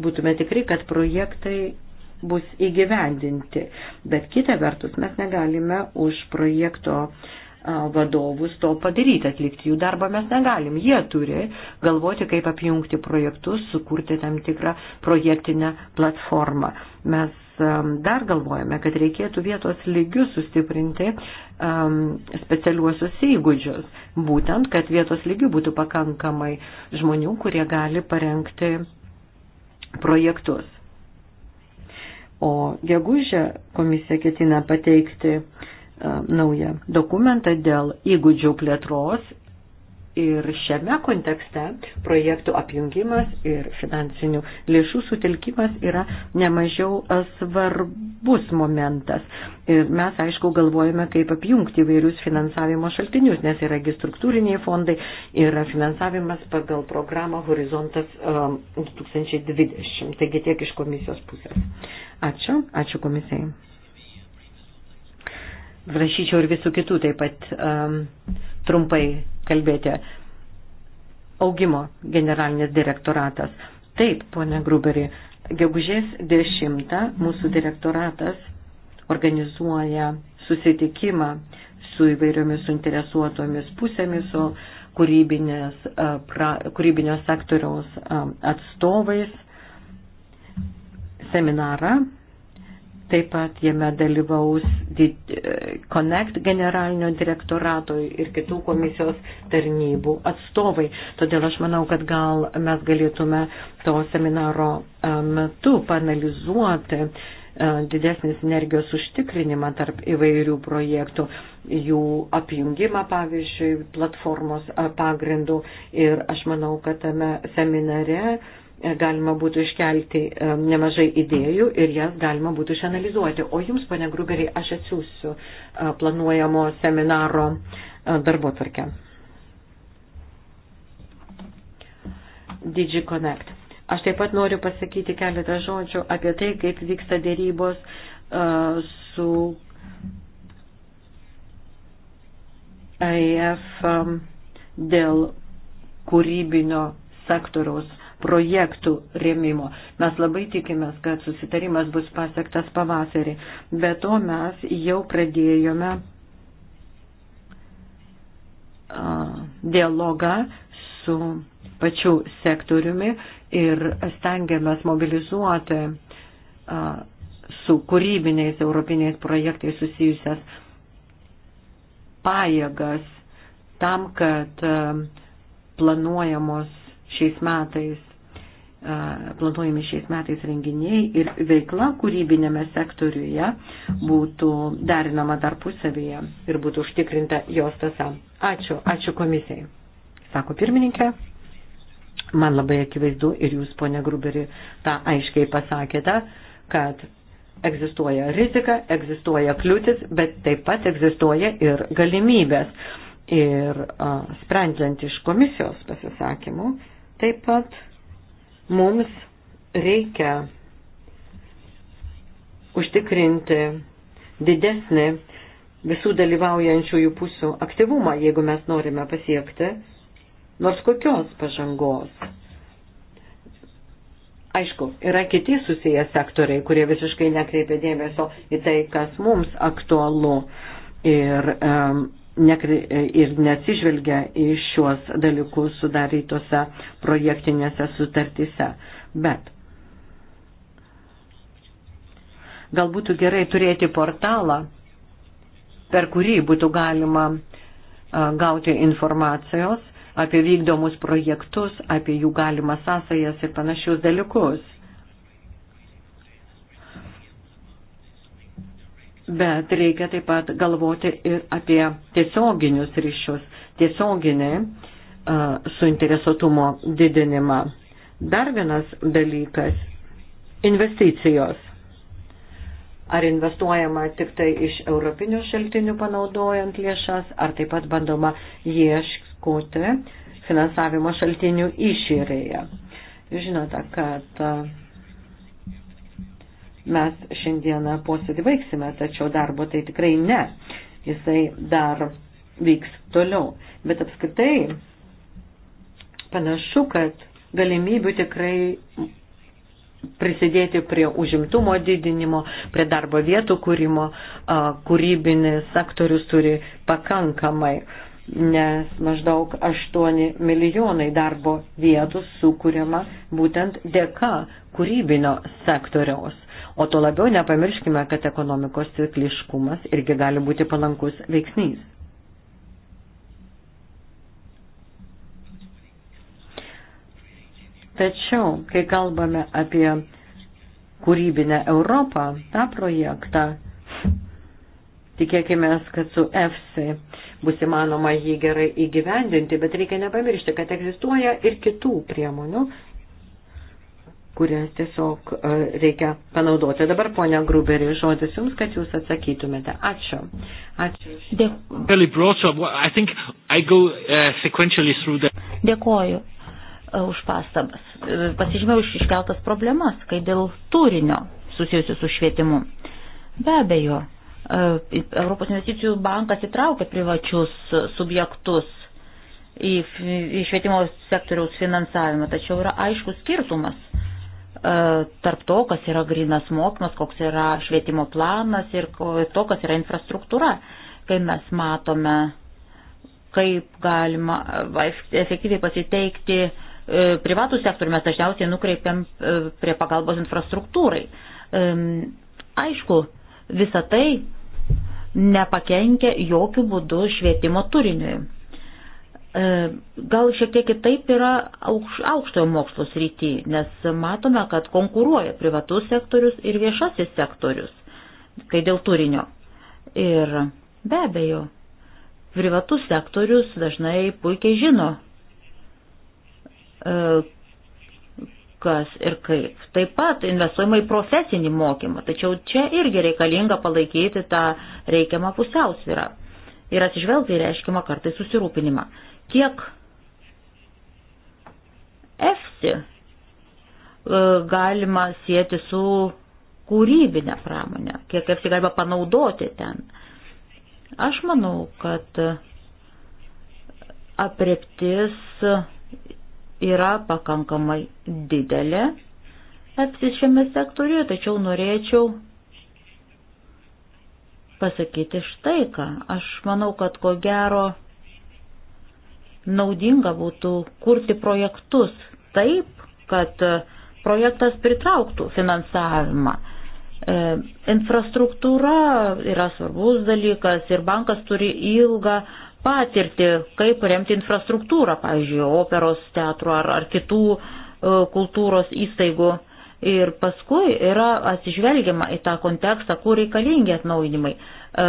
būtume tikri, kad projektai bus įgyvendinti. Bet kita vertus, mes negalime už projekto vadovus to padaryti, atlikti jų darbą mes negalim. Jie turi galvoti, kaip apjungti projektus, sukurti tam tikrą projektinę platformą. Mes dar galvojame, kad reikėtų vietos lygių sustiprinti um, specialiuosius įgūdžius. Būtent, kad vietos lygių būtų pakankamai žmonių, kurie gali parengti projektus. O gegužę komisija ketina pateikti e, naują dokumentą dėl įgūdžių plėtros Ir šiame kontekste projektų apjungimas ir finansinių lėšų sutelkimas yra nemažiau e, svarbus momentas. Ir mes, aišku, galvojame, kaip apjungti įvairius finansavimo šaltinius, nes yra struktūriniai fondai, yra finansavimas pagal programą Horizontas 2020. E, Taigi tiek iš komisijos pusės. Ačiū, ačiū komisijai. Prašyčiau ir visų kitų taip pat um, trumpai kalbėti. Augimo generalinis direktoratas. Taip, ponia Gruberi, gegužės 10 mūsų direktoratas organizuoja susitikimą su įvairiomis suinteresuotomis pusėmis, su pra, kūrybinio sektoriaus atstovais seminarą Taip pat jame dalyvaus Connect generalinio direktorato ir kitų komisijos tarnybų atstovai. Todėl aš manau, kad gal mes galėtume to seminaro e, metu panalizuoti e, didesnis energijos užtikrinimą tarp įvairių projektų, jų apjungimą, pavyzdžiui, platformos e, pagrindų. Ir aš manau, kad tame seminare galima būtų iškelti e, nemažai idėjų ir jas galima būtų išanalizuoti. O jums, pane Gruberiai, aš atsiųsiu e, planuojamo seminaro e, darbo tvarkę. DigiConnect. Aš taip pat noriu pasakyti keletą žodžių apie tai, kaip vyksta dėrybos uh, su AIF um, dėl kūrybinio sektoriaus projektų rėmimo. Mes labai tikimės, kad susitarimas bus pasiektas pavasarį. Be to mes jau pradėjome dialogą su pačiu sektoriumi ir stengiamės mobilizuoti su kūrybiniais europiniais projektais susijusias pajėgas tam, kad planuojamos šiais metais planuojami šiais metais renginiai ir veikla kūrybinėme sektoriuje būtų derinama tarpusavyje ir būtų užtikrinta jos tasa. Ačiū, ačiū komisijai. Sako pirmininkė, man labai akivaizdu ir jūs, ponia Gruberi, tą aiškiai pasakėte, kad egzistuoja rizika, egzistuoja kliūtis, bet taip pat egzistuoja ir galimybės. Ir a, sprendžiant iš komisijos pasisakymų, taip pat Mums reikia užtikrinti didesnį visų dalyvaujančiųjų pusių aktyvumą, jeigu mes norime pasiekti nors kokios pažangos. Aišku, yra kiti susiję sektoriai, kurie visiškai nekreipia dėmesio į tai, kas mums aktualu. Ir um, ir neatsižvelgia į šiuos dalykus sudarytose projektinėse sutartyse. Bet gal būtų gerai turėti portalą, per kurį būtų galima gauti informacijos apie vykdomus projektus, apie jų galimas sąsajas ir panašius dalykus. bet reikia taip pat galvoti ir apie tiesioginius ryšius, tiesioginį uh, suinteresuotumo didinimą. Dar vienas dalykas - investicijos. Ar investuojama tik tai iš europinių šaltinių panaudojant lėšas, ar taip pat bandoma ieškoti finansavimo šaltinių išėrėje. Žinote, kad mes šiandieną posėdį baigsime, tačiau darbo tai tikrai ne. Jisai dar vyks toliau. Bet apskritai panašu, kad galimybių tikrai prisidėti prie užimtumo didinimo, prie darbo vietų kūrimo, kūrybinis sektorius turi pakankamai, nes maždaug 8 milijonai darbo vietų sukūriama būtent dėka kūrybinio sektoriaus. O to labiau nepamirškime, kad ekonomikos cikliškumas irgi gali būti palankus veiksnys. Tačiau, kai kalbame apie kūrybinę Europą, tą projektą, tikėkime, kad su EFSI bus įmanoma jį gerai įgyvendinti, bet reikia nepamiršti, kad egzistuoja ir kitų priemonių, kurias tiesiog e, reikia panaudoti. Dabar, ponia Gruberį, žodis jums, kad jūs atsakytumėte. Ačiū. Ačiū. Dėkuoju. Uh, Dėkuoju e, už pastabas. E, pasižymėjau iškeltas problemas, kai dėl turinio susijusiu su švietimu. Be abejo, Europos investicijų bankas įtraukia privačius subjektus į, į švietimo sektoriaus finansavimą, tačiau yra aiškus skirtumas E, tarp to, kas yra grinas mokymas, koks yra švietimo planas ir to, kas yra infrastruktūra. Kai mes matome, kaip galima e, efektyviai pasiteikti e, privatų sektorių, mes dažniausiai nukreipiam prie pagalbos infrastruktūrai. Aišku, visa tai nepakenkia jokių būdų švietimo turiniui. E, gal šiek tiek kitaip yra aukštojo mokslo srity, nes matome, kad konkuruoja privatus sektorius ir viešasis sektorius, kai dėl turinio. Ir be abejo, privatus sektorius dažnai puikiai žino, e, kas ir kaip. Taip pat investuojama į profesinį mokymą, tačiau čia irgi reikalinga palaikyti tą reikiamą pusiausvyrą ir atsižvelgti į reiškimą kartai susirūpinimą kiek EFSI galima sieti su kūrybinė pramonė, kiek EFSI galima panaudoti ten. Aš manau, kad apreptis yra pakankamai didelė EFSI šiame sektoriuje, tačiau norėčiau pasakyti štai ką. Aš manau, kad ko gero naudinga būtų kurti projektus taip, kad e, projektas pritrauktų finansavimą. E, infrastruktūra yra svarbus dalykas ir bankas turi ilgą patirtį, kaip remti infrastruktūrą, pavyzdžiui, operos teatro ar, ar kitų e, kultūros įstaigų. Ir paskui yra atsižvelgiama į tą kontekstą, kur reikalingi atnaujinimai. E,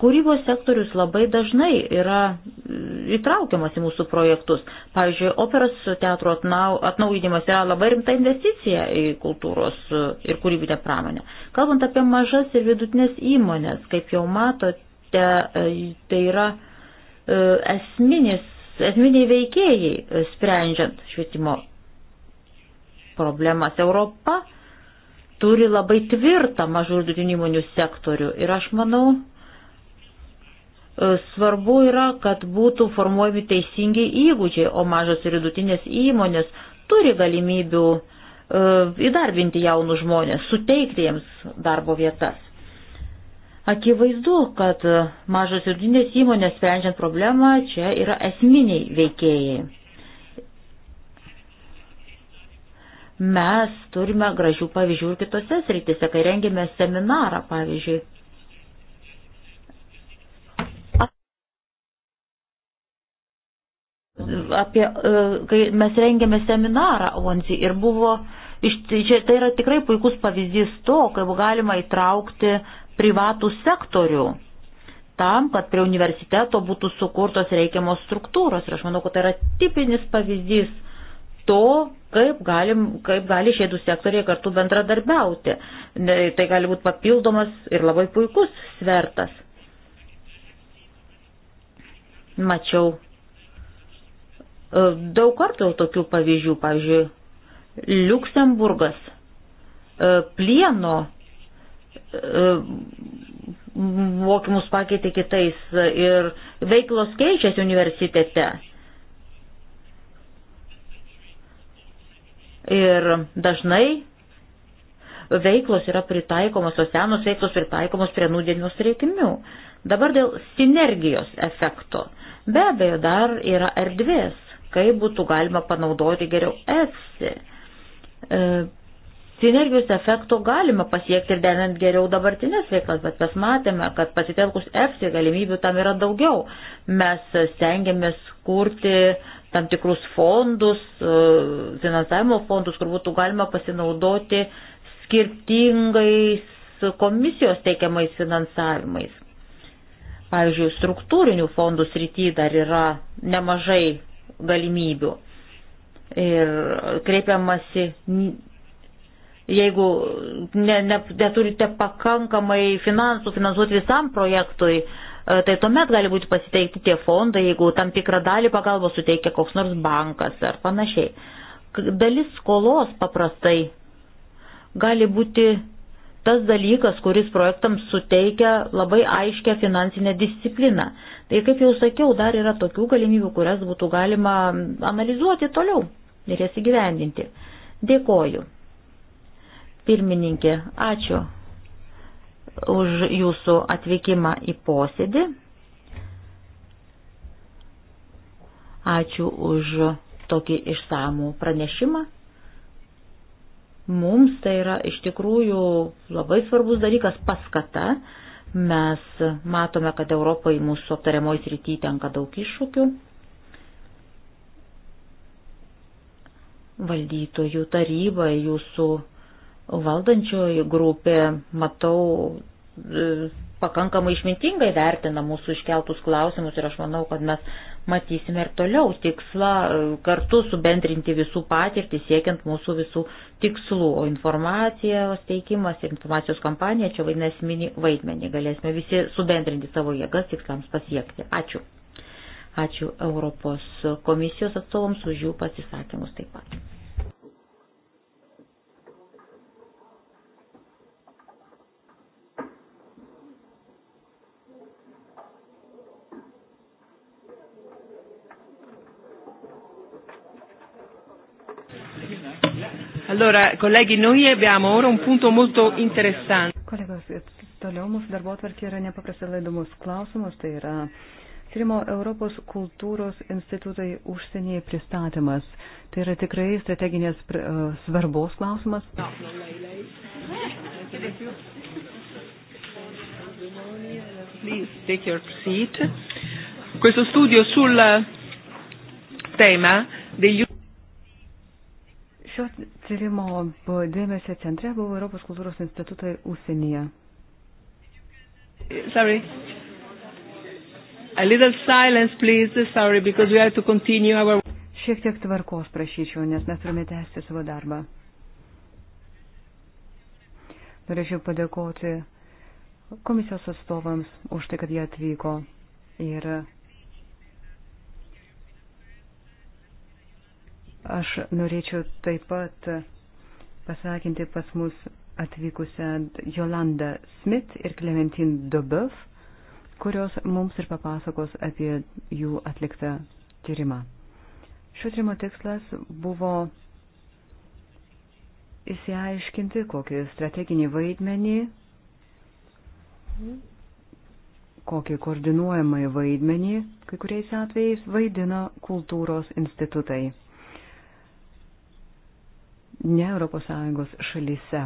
Kūrybos sektorius labai dažnai yra mm, įtraukiamas į mūsų projektus. Pavyzdžiui, operos teatro atnau, atnaujinimas yra labai rimta investicija į kultūros e, ir kūrybinę pramonę. Kalbant apie mažas ir vidutinės įmonės, kaip jau matote, e, tai yra e, esminis, esminiai veikėjai sprendžiant švietimo problemas. Europa turi labai tvirtą mažų ir vidutinių įmonių sektorių ir aš manau, E, svarbu yra, kad būtų formuojami teisingi įgūdžiai, o mažos ir vidutinės įmonės turi galimybių e, įdarbinti jaunus žmonės, suteikti jiems darbo vietas. Akivaizdu, kad mažos ir vidutinės įmonės sprendžiant problemą čia yra esminiai veikėjai. Mes turime gražių pavyzdžių ir kitose srityse, kai rengėme seminarą, pavyzdžiui, apie, e, kai mes rengėme seminarą ONCI ir buvo, čia, tai yra tikrai puikus pavyzdys to, kaip galima įtraukti privatų sektorių tam, kad prie universiteto būtų sukurtos reikiamos struktūros. Ir aš manau, kad tai yra tipinis pavyzdys to, kaip, galim, kaip gali šie du sektoriai kartu bendradarbiauti. Tai gali būti papildomas ir labai puikus svertas. Mačiau E, daug kartų jau tokių pavyzdžių, pavyzdžiui, Luksemburgas e, plieno e, mokymus pakeitė kitais ir veiklos keičiasi universitete. Ir dažnai veiklos yra pritaikomos, o senos veiklos pritaikomos prie nudienos reikimių. Dabar dėl sinergijos efekto. Be abejo, dar yra erdvės kaip būtų galima panaudoti geriau EFSI. E, Sinergijos efekto galima pasiekti ir derinant geriau dabartinės veiklas, bet mes matėme, kad pasitelkus EFSI galimybių tam yra daugiau. Mes stengiamės kurti tam tikrus fondus, e, finansavimo fondus, kur būtų galima pasinaudoti skirtingais komisijos teikiamais finansavimais. Pavyzdžiui, struktūrinių fondų srity dar yra nemažai galimybių. Ir kreipiamasi, jeigu ne, ne, neturite pakankamai finansų finansuoti visam projektui, e, tai tuomet gali būti pasiteikti tie fondai, jeigu tam tikrą dalį pagalbos suteikia koks nors bankas ar panašiai. Dalis skolos paprastai gali būti tas dalykas, kuris projektams suteikia labai aiškę finansinę discipliną. Tai kaip jau sakiau, dar yra tokių galimybių, kurias būtų galima analizuoti toliau ir jas įgyvendinti. Dėkoju. Pirmininkė, ačiū už jūsų atvykimą į posėdį. Ačiū už tokį išsamų pranešimą. Mums tai yra iš tikrųjų labai svarbus dalykas paskata Mes matome, kad Europai mūsų aptariamoj srity tenka daug iššūkių. Valdytojų taryba, jūsų valdančioji grupė, matau, e, pakankamai išmintingai vertina mūsų iškeltus klausimus ir aš manau, kad mes matysime ir toliau tikslą e, kartu subendrinti visų patirtį, siekiant mūsų visų tikslų, o informacijos teikimas ir informacijos kampanija čia vaidina esminį vaidmenį. Galėsime visi subendrinti savo jėgas tikslams pasiekti. Ačiū. Ačiū Europos komisijos atstovams už jų pasisakymus taip pat. Allora, colleghi, noi abbiamo ora un punto molto interessante. Kolegos, toliau mūsų darbo atvarkė yra nepaprastai laidomus klausimus, tai yra Sirimo Europos kultūros institutai užsienyje pristatymas. Tai yra tikrai strateginės uh, svarbos klausimas. No, no, lei, lei. Please take your seat. Questo studio sul tema degli Šio tyrimo dėmesio centre buvo Europos kultūros institutai užsienyje. Sorry. A little silence, please. Sorry, because we have to continue our. Šiek tiek tvarkos prašyčiau, nes mes turime tęsti savo darbą. Norėčiau padėkoti komisijos atstovams už tai, kad jie atvyko ir Aš norėčiau taip pat pasakinti pas mus atvykusią Jolandą Smith ir Clementine Dobeuf, kurios mums ir papasakos apie jų atliktą tyrimą. Šio tyrimo tikslas buvo įsiaiškinti, kokį strateginį vaidmenį, kokį koordinuojamąjį vaidmenį kai kuriais atvejais vaidino kultūros institutai ne ES šalyse.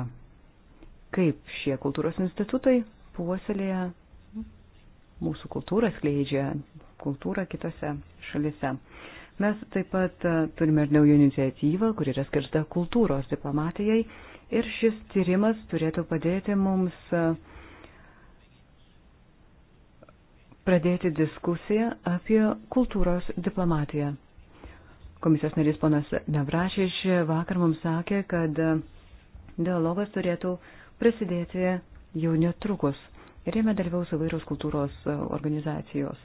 Kaip šie kultūros institutai puoselėja mūsų kultūrą, skleidžia kultūrą kitose šalyse. Mes taip pat e, turime ir naują iniciatyvą, kuri yra skirta kultūros diplomatijai ir šis tyrimas turėtų padėti mums e, pradėti diskusiją apie kultūros diplomatiją. Komisijos narys ponas Navrašiš vakar mums sakė, kad dialogas turėtų prasidėti jau netrukus. Ir jame dalyvaus įvairios kultūros organizacijos.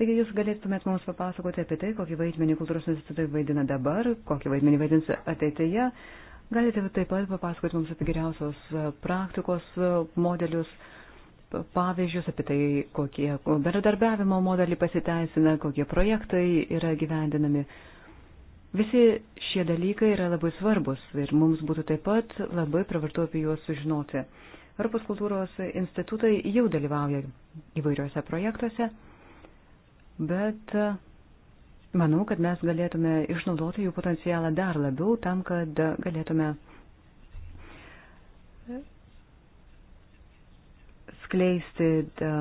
Taigi jūs galėtumėt mums papasakoti apie tai, kokį vaidmenį kultūros institutai vaidina dabar, kokį vaidmenį vaidins ateityje. Galite taip pat papasakoti mums apie geriausios praktikos modelius, pavyzdžius, apie tai, kokie bendradarbiavimo modeliai pasiteisina, kokie projektai yra gyvendinami. Visi šie dalykai yra labai svarbus ir mums būtų taip pat labai pravartu apie juos sužinoti. Europos kultūros institutai jau dalyvauja įvairiuose projektuose, bet e, manau, kad mes galėtume išnaudoti jų potencialą dar labiau tam, kad galėtume skleisti e,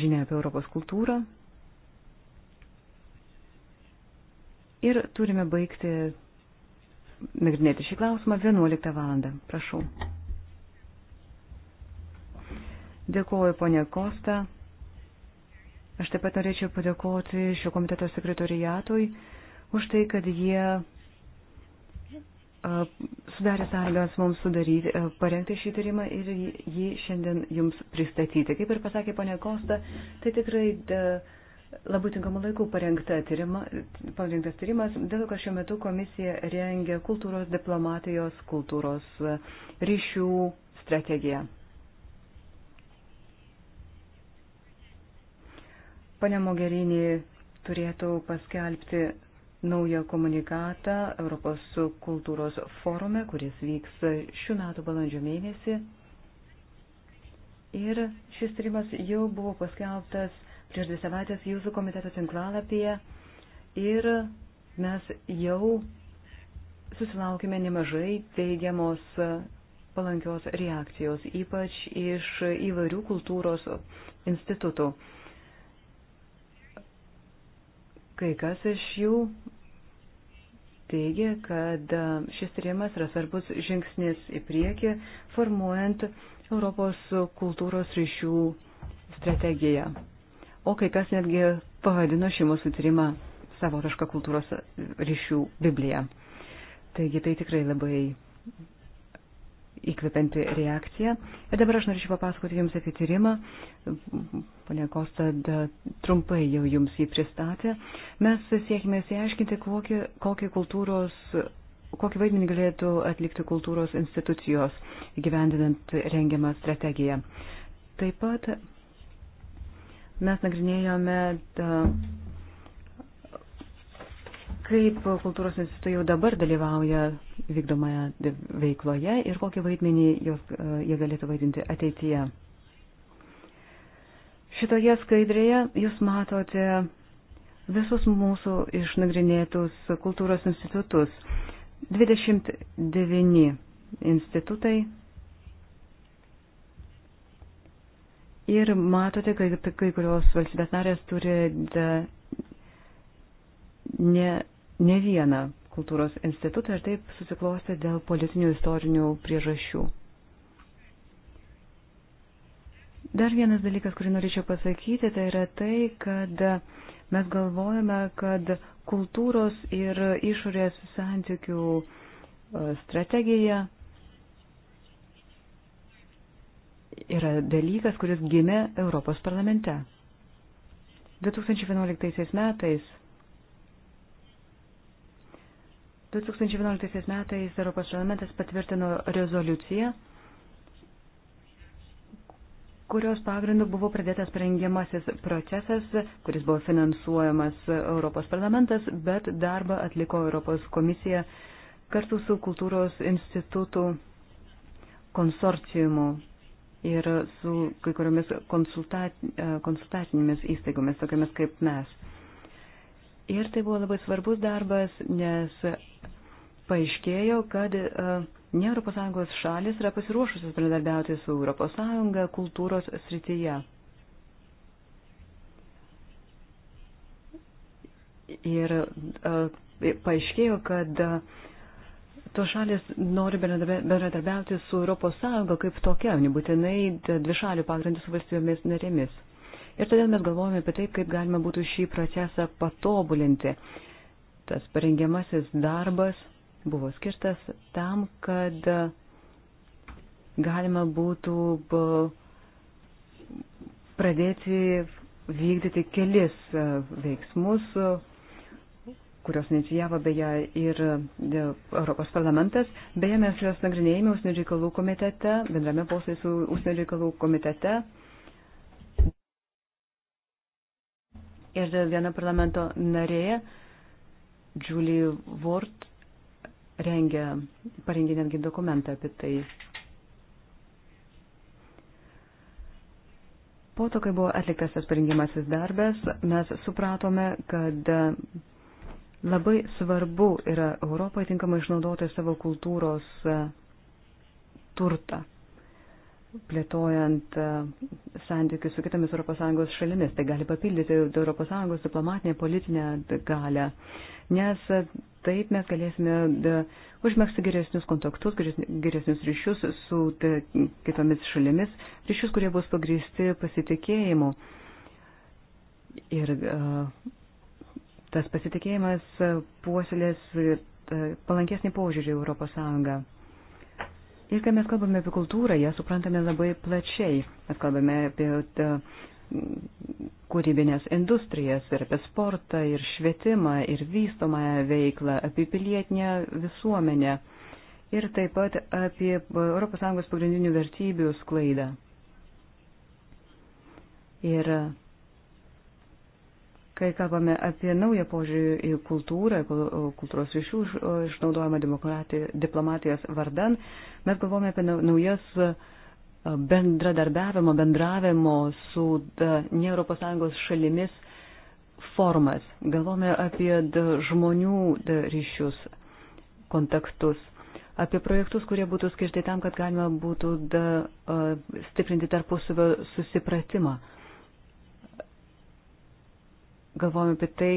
žinę apie Europos kultūrą ir turime baigti nagrinėti šį klausimą 11 valandą. Prašau. Dėkuoju, ponė Kosta. Aš taip pat norėčiau padėkoti šio komiteto sekretoriatui už tai, kad jie sudarė sąlygas mums sudaryti, parengti šį tyrimą ir jį šiandien jums pristatyti. Kaip ir pasakė ponė Kosta, tai tikrai. De, labai tinkamu laiku tyrima, parengtas tyrimas, dėl to, kad šiuo metu komisija rengia kultūros diplomatijos, kultūros e, ryšių strategiją. Pane Mogherini turėtų paskelbti naują komunikatą Europos kultūros forume, kuris vyks šių metų balandžio mėnesį. Ir šis tyrimas jau buvo paskelbtas prieš dvi savaitės jūsų komiteto tinklalapyje ir mes jau susilaukime nemažai teigiamos palankios reakcijos, ypač iš įvairių kultūros institutų. Kai kas iš jų teigia, kad šis tyrimas yra svarbus žingsnis į priekį, formuojant Europos kultūros ryšių strategiją o kai kas netgi pavadino šį mūsų tyrimą savotišką kultūros ryšių Bibliją. Taigi tai tikrai labai įkvepianti reakcija. Ir dabar aš norėčiau papasakoti Jums apie tyrimą. Pane Kosta trumpai jau Jums jį pristatė. Mes siekime įsiaiškinti, kokį, kokį kultūros kokį vaidmenį galėtų atlikti kultūros institucijos įgyvendinant rengiamą strategiją. Taip pat mes nagrinėjome, e, kaip kultūros institutai jau dabar dalyvauja vykdomoje veikloje ir kokį vaidmenį jos, e, jie galėtų vaidinti ateityje. Šitoje skaidrėje jūs matote visus mūsų išnagrinėtus kultūros institutus. 29 institutai Ir matote, kai, kai kurios valstybės narės turi da, ne, ne vieną kultūros institutą ir taip susiklosti dėl politinių istorinių priežasčių. Dar vienas dalykas, kurį norėčiau pasakyti, tai yra tai, kad mes galvojame, kad kultūros ir išorės santykių e, strategija yra dalykas, kuris gimė Europos parlamente. 2011 metais 2011 metais Europos parlamentas patvirtino rezoliuciją, kurios pagrindu buvo pradėtas rengiamasis procesas, kuris buvo finansuojamas Europos parlamentas, bet darbą atliko Europos komisija kartu su kultūros institutų konsorciumu ir su kai kuriomis konsultat, e, konsultacinėmis įstaigomis, tokiamis kaip mes. Ir tai buvo labai svarbus darbas, nes paaiškėjo, kad e, ne ES šalis yra pasiruošusios bendradarbiauti su ES kultūros srityje. Ir e, paaiškėjo, kad uh, to šalis nori bendradarbiauti su ES kaip tokia, nebūtinai dvišalių pagrindų su valstybėmis narėmis. Ir todėl mes galvojame apie tai, kaip galima būtų šį procesą patobulinti. Tas parengiamasis darbas buvo skirtas tam, kad galima būtų pradėti vykdyti kelis veiksmus, kurios inicijavo beje ir e, Europos parlamentas. Beje, mes juos nagrinėjame užsienio reikalų komitete, bendrame posėdėje su užsienio reikalų komitete. Ir viena parlamento narė, Julie Ward, rengia, parengė netgi dokumentą apie tai. Po to, kai buvo atliktas tas parengimasis darbas, mes supratome, kad Labai svarbu yra Europoje tinkamai išnaudoti savo kultūros e, turtą, plėtojant e, santykius su kitomis ES šalimis. Tai gali papildyti ES diplomatinę politinę galę, nes e, taip mes galėsime užmėgsti geresnius kontaktus, geresnius ryšius su kitomis šalimis, ryšius, kurie bus pagristi pasitikėjimu. Ir uh, tas pasitikėjimas puoselės e, palankesnį požiūrį Europos Sąjungą. Ir kai mes kalbame apie kultūrą, ją suprantame labai plačiai. Mes kalbame apie e, kūrybinės industrijas ir apie sportą ir švietimą ir vystomąją veiklą, apie pilietinę visuomenę ir taip pat apie ES pagrindinių vertybių sklaidą. Ir kai kalbame apie naują požiūrį į kultūrą, kultūros ryšių išnaudojimą diplomatijos vardan, mes galvome apie naujas bendradarbiavimo, bendravimo su ne ES šalimis formas. Galvome apie žmonių ryšius, kontaktus, apie projektus, kurie būtų skirti tam, kad galima būtų stiprinti tarpusavio susipratimą galvojame apie tai,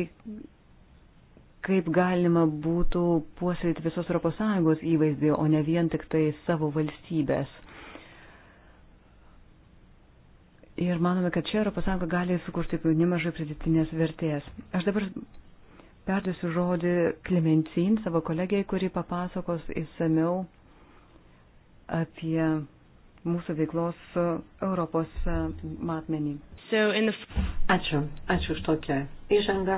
kaip galima būtų puoselėti visos ES įvaizdį, o ne vien tik tai savo valstybės. Ir manome, kad čia ES gali sukurti nemažai pridėtinės vertės. Aš dabar perdusiu žodį Klementin, savo kolegijai, kuri papasakos įsameu apie mūsų veiklos e, Europos e, matmenį. So the... Ačiū, ačiū už tokią įžangą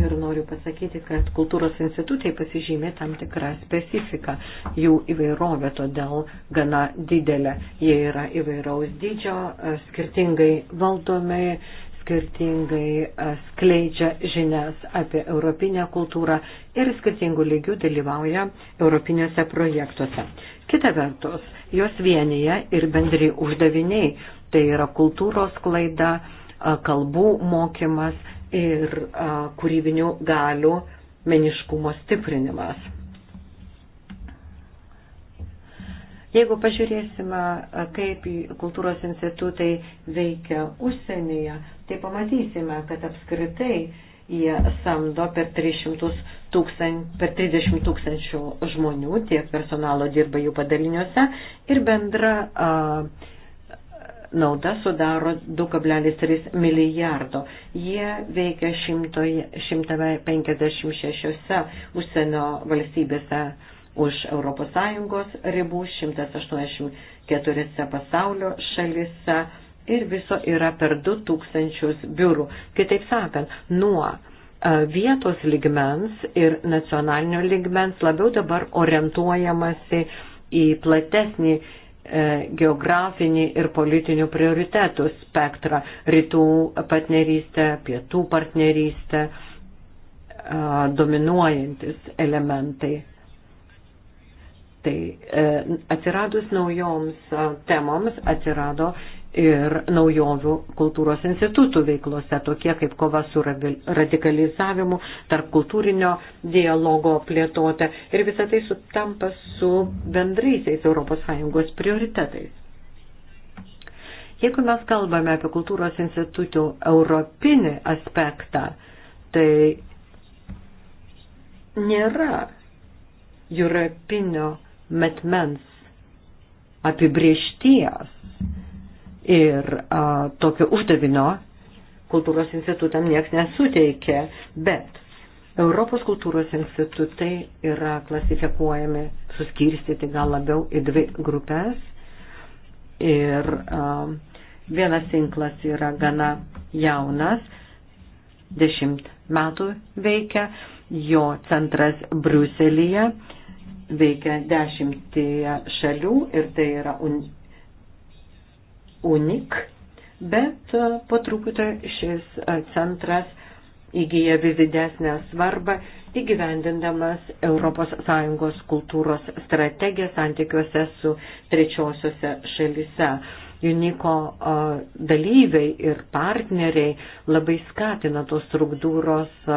ir noriu pasakyti, kad kultūros institutai pasižymė tam tikrą specifiką, jų įvairovė todėl gana didelė. Jie yra įvairaus dydžio, e, skirtingai valdomi, skirtingai e, skleidžia žinias apie europinę kultūrą ir skirtingų lygių dalyvauja europiniuose projektuose. Kita vertus, jos vienyje ir bendri uždaviniai - tai yra kultūros klaida, e, kalbų mokymas ir e, kūrybinių galių meniškumo stiprinimas. Jeigu pažiūrėsime, kaip kultūros institutai veikia užsienyje, tai pamatysime, kad apskritai jie samdo per, 300 tūkstan, per 30 tūkstančių žmonių, tiek personalo dirba jų padaliniuose ir bendra a, nauda sudaro 2,3 milijardo. Jie veikia 156 užsienio valstybėse už ES ribų, 184 pasaulio šalise ir viso yra per 2000 biurų. Kitaip sakant, nuo e, vietos ligmens ir nacionalinio ligmens labiau dabar orientuojamasi į platesnį e, geografinį ir politinių prioritetų spektrą - rytų partnerystę, pietų partnerystę, e, dominuojantis elementai. Tai atsiradus naujoms temoms atsirado ir naujovių kultūros institutų veiklose, tokie kaip kova su radikalizavimu, tarp kultūrinio dialogo plėtotė ir visą tai sutampa su bendraisiais ES prioritetais. Jeigu mes kalbame apie kultūros institutų europinį aspektą, tai nėra europinio metmens apibriešties Ir a, tokio uždavinio kultūros institutam nieks nesuteikė, bet Europos kultūros institutai yra klasifikuojami, suskirstyti gal labiau į dvi grupės. Ir a, vienas tinklas yra gana jaunas, dešimt metų veikia, jo centras Briuselyje veikia dešimtyje šalių ir tai yra un, UNIK, bet e, po truputį šis e, centras įgyja vis didesnę svarbą įgyvendindamas ES kultūros strategiją santykiuose su trečiosiuose šalise. Uniko e, dalyviai ir partneriai labai skatina tos struktūros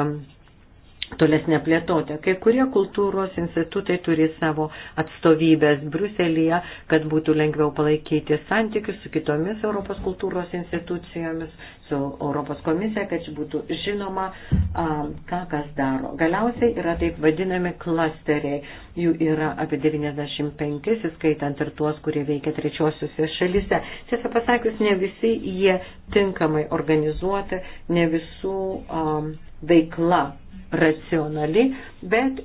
tolesnė plėtotė. Kai kurie kultūros institutai turi savo atstovybės Bruselėje, kad būtų lengviau palaikyti santykius su kitomis Europos kultūros institucijomis, su Europos komisija, kad būtų žinoma, ką kas daro. Galiausiai yra taip vadinami klasteriai. Jų yra apie 95, įskaitant ir tuos, kurie veikia trečiosiuose šalise. Tiesą pasakius, ne visi jie tinkamai organizuoti, ne visų um, veikla racionali, bet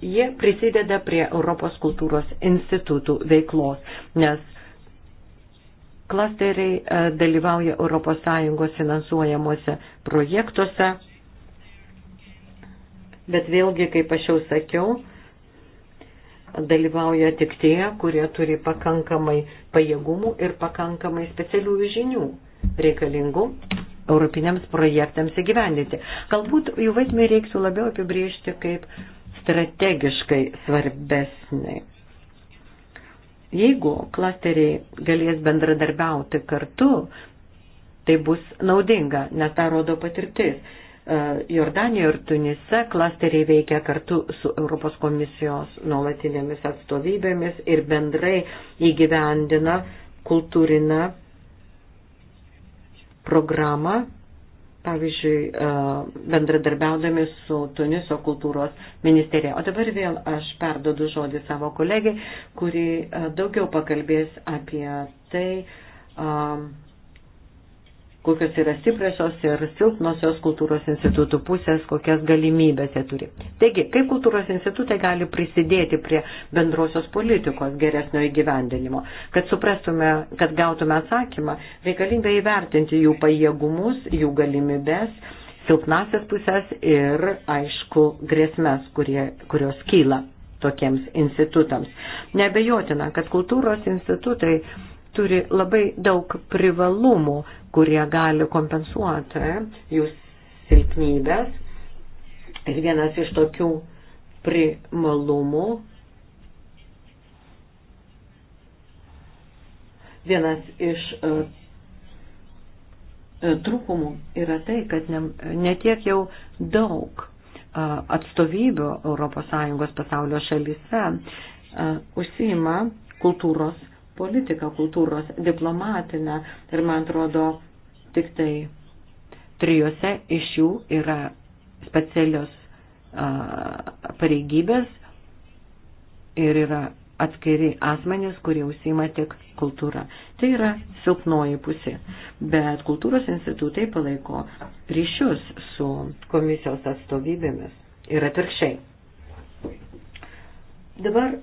jie prisideda prie Europos kultūros institutų veiklos, nes klasteriai e, dalyvauja ES finansuojamuose projektuose, bet vėlgi, kaip aš jau sakiau, dalyvauja tik tie, kurie turi pakankamai pajėgumų ir pakankamai specialiųjų žinių reikalingų europiniams projektams įgyvendinti. Galbūt jų vaidmenį reiktų labiau apibriežti kaip strategiškai svarbesnį. Jeigu klasteriai galės bendradarbiauti kartu, tai bus naudinga, nes tą rodo patirtis. E, Jordanijoje ir Tunise klasteriai veikia kartu su Europos komisijos nuolatinėmis atstovybėmis ir bendrai įgyvendina kultūrinę programą, pavyzdžiui, e, bendradarbiaudami su Tuniso kultūros ministerija. O dabar vėl aš perdodu žodį savo kolegiai, kuri e, daugiau pakalbės apie tai, e, kokios yra stipriosios ir silpnosios kultūros institutų pusės, kokias galimybės jie turi. Taigi, kaip kultūros institutai gali prisidėti prie bendrosios politikos geresnio įgyvendinimo? Kad suprastume, kad gautume atsakymą, reikalinga įvertinti jų pajėgumus, jų galimybės, silpnasias pusės ir, aišku, grėsmės, kurie, kurios kyla tokiems institutams. Nebejotina, kad kultūros institutai turi labai daug privalumų, kurie gali kompensuoti jų silpnybės. Ir vienas iš tokių privalumų, vienas iš e, e, trūkumų yra tai, kad netiek ne jau daug e, atstovybių ES pasaulio šalyse užsima kultūros politiką, kultūros diplomatinę ir man atrodo tik tai trijose iš jų yra specialios uh, pareigybės ir yra atskiri asmenys, kurie užsima tik kultūra. Tai yra silpnoji pusė. Bet kultūros institutai palaiko ryšius su komisijos atstovybėmis ir atvirkščiai. Dabar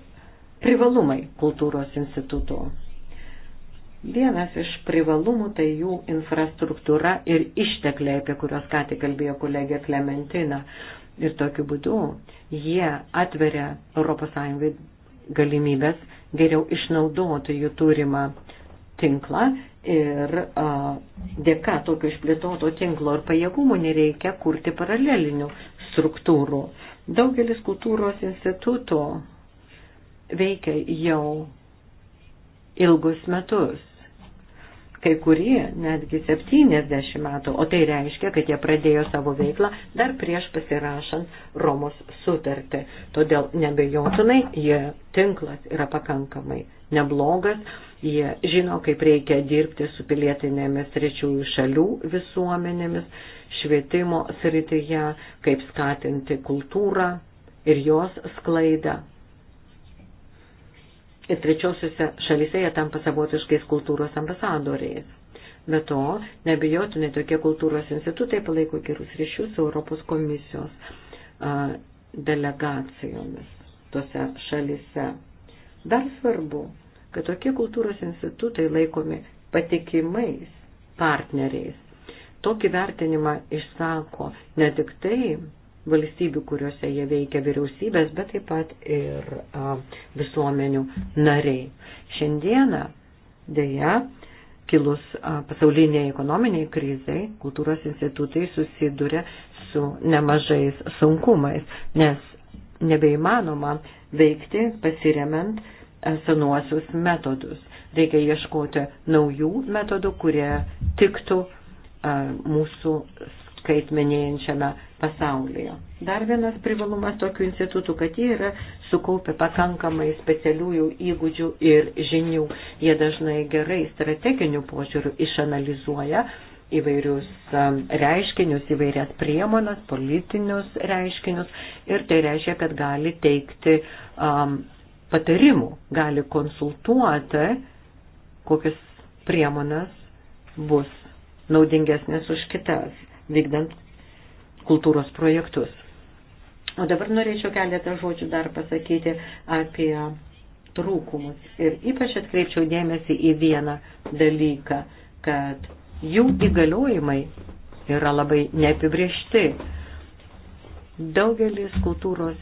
Privalumai kultūros institutų. Vienas iš privalumų tai jų infrastruktūra ir ištekliai, apie kuriuos ką tik kalbėjo kolegė Klementina. Ir tokiu būdu jie atveria ES galimybės geriau išnaudoti jų turimą tinklą ir a, dėka tokio išplėtoto tinklo ir pajėgumų nereikia kurti paralelinių struktūrų. Daugelis kultūros institutų veikia jau ilgus metus. Kai kurie netgi 70 metų, o tai reiškia, kad jie pradėjo savo veiklą dar prieš pasirašant Romos sutartį. Todėl nebejotinai jie tinklas yra pakankamai neblogas, jie žino, kaip reikia dirbti su pilietinėmis trečiųjų šalių visuomenėmis, švietimo srityje, kaip skatinti kultūrą ir jos sklaidą ir trečiosiuose šalyse jie tampa savotiškais kultūros ambasadoriais. Be to, nebijotinai tokie kultūros institutai palaiko gerus ryšius su Europos komisijos a, delegacijomis tose šalyse. Dar svarbu, kad tokie kultūros institutai laikomi patikimais partneriais. Tokį vertinimą išsako ne tik tai valstybių, kuriuose jie veikia vyriausybės, bet taip pat ir a, visuomenių nariai. Šiandieną dėja, kilus a, pasauliniai ekonominiai krizai, kultūros institutai susiduria su nemažais sunkumais, nes nebeįmanoma veikti pasiremiant senuosius metodus. Reikia ieškoti naujų metodų, kurie tiktų a, mūsų skaitmenėjančiame pasaulyje. Dar vienas privalumas tokių institutų, kad jie yra sukaupę pakankamai specialiųjų įgūdžių ir žinių. Jie dažnai gerai strateginių požiūrių išanalizuoja įvairius um, reiškinius, įvairias priemonas, politinius reiškinius ir tai reiškia, kad gali teikti um, patarimų, gali konsultuoti, kokias priemonas bus naudingesnės už kitas, vykdant kultūros projektus. O dabar norėčiau keletą žodžių dar pasakyti apie trūkumus. Ir ypač atkreipčiau dėmesį į vieną dalyką, kad jų įgaliojimai yra labai neapibriešti. Daugelis kultūros,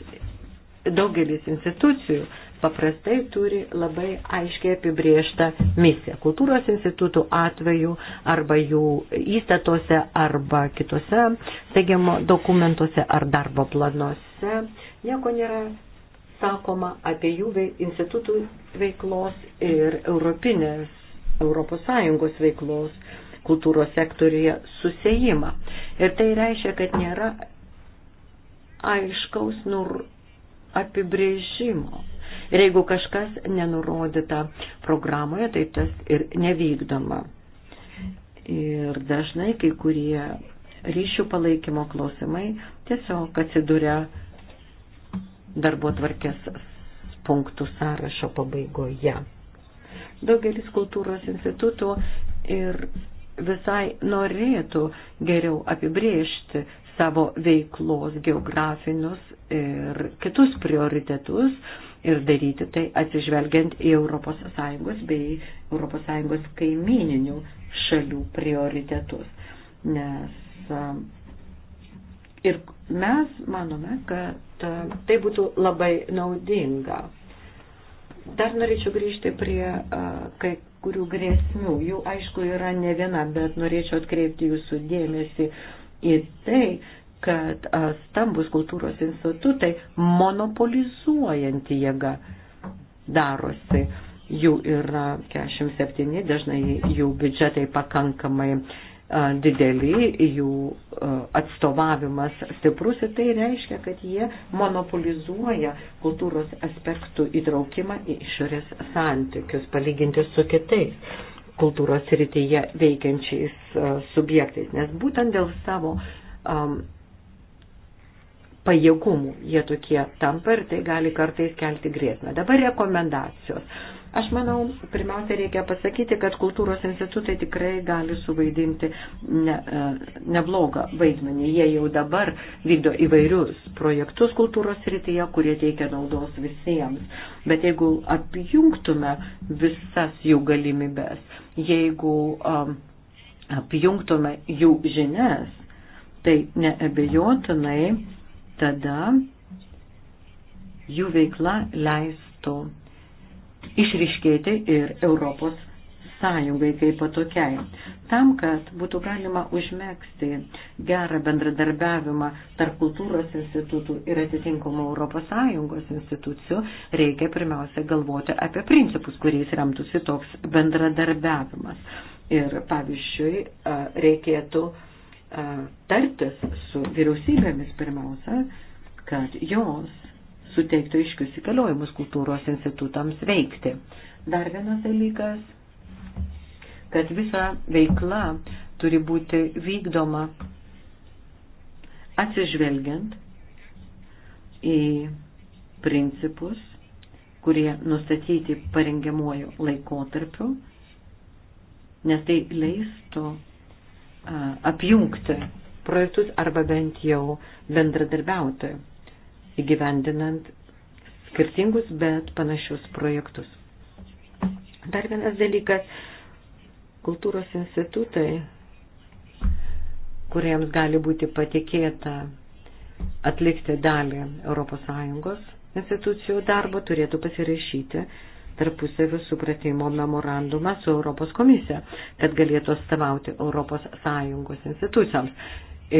daugelis institucijų paprastai turi labai aiškiai apibriežtą misiją. Kultūros institutų atveju arba jų įstatuose arba kitose, teigiamo, dokumentuose ar darbo planuose nieko nėra sakoma apie jų institutų veiklos ir Europinės, Europos Sąjungos veiklos kultūros sektorija susijimą. Ir tai reiškia, kad nėra aiškaus nur apibrėžimo Ir jeigu kažkas nenurodyta programoje, tai tas ir nevykdoma. Ir dažnai kai kurie ryšių palaikymo klausimai tiesiog atsiduria darbo tvarkės punktų sąrašo pabaigoje. Daugelis kultūros institutų ir visai norėtų geriau apibriežti savo veiklos geografinius ir kitus prioritetus, ir daryti tai atsižvelgiant į ES bei ES kaimininių šalių prioritetus. Nes ir mes manome, kad tai būtų labai naudinga. Dar norėčiau grįžti prie kai kurių grėsmių. Jų aišku yra ne viena, bet norėčiau atkreipti jūsų dėmesį į tai, kad stambus kultūros institutai monopolizuojanti jėga darosi. Jų yra 47, dažnai jų biudžetai pakankamai dideli, jų atstovavimas stiprus ir tai reiškia, kad jie monopolizuoja kultūros aspektų įtraukimą į išorės santykius, palyginti su kitais kultūros rytyje veikiančiais subjektais, nes būtent dėl savo um, pajėgumų jie tokie tampa ir tai gali kartais kelti grėsmę. Dabar rekomendacijos. Aš manau, pirmiausia, reikia pasakyti, kad kultūros institutai tikrai gali suvaidinti ne, e, neblogą vaidmenį. Jie jau dabar vykdo įvairius projektus kultūros rytyje, kurie teikia naudos visiems. Bet jeigu apjungtume visas jų galimybės, jeigu um, apjungtume jų žinias, tai neabejotinai tada jų veikla leistų išriškėti ir Europos sąjungai kaip patokiai. Tam, kad būtų galima užmėgsti gerą bendradarbiavimą tarp kultūros institutų ir atitinkamų Europos sąjungos institucijų, reikia pirmiausia galvoti apie principus, kuriais remtųsi toks bendradarbiavimas. Ir pavyzdžiui, reikėtų tartis su vyriausybėmis pirmiausia, kad jos suteiktų iškius įgaliojimus kultūros institutams veikti. Dar vienas dalykas, kad visa veikla turi būti vykdoma atsižvelgiant į principus, kurie nustatyti parengiamuoju laikotarpiu, nes tai leistų apjungti projektus arba bent jau bendradarbiauti įgyvendinant skirtingus, bet panašius projektus. Dar vienas dalykas - kultūros institutai, kuriems gali būti patikėta atlikti dalį ES institucijų darbo, turėtų pasirašyti tarpusavio supratimo memorandumą su Europos komisija, kad galėtų atstovauti Europos Sąjungos institucijoms.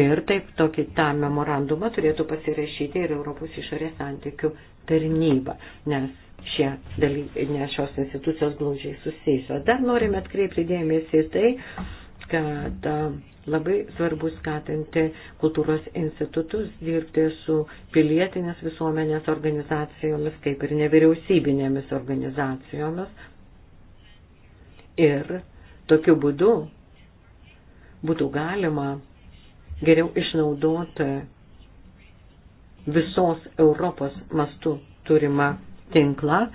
Ir taip tokį tą memorandumą turėtų pasirašyti ir Europos išorės santykių tarnyba, nes, šie dalykai, nes šios institucijos glaudžiai susijusios. Dar norime atkreipti dėmesį į tai, kad labai svarbu skatinti kultūros institutus dirbti su pilietinės visuomenės organizacijomis, kaip ir nevyriausybinėmis organizacijomis. Ir tokiu būdu būtų galima geriau išnaudoti visos Europos mastu turimą tinklą,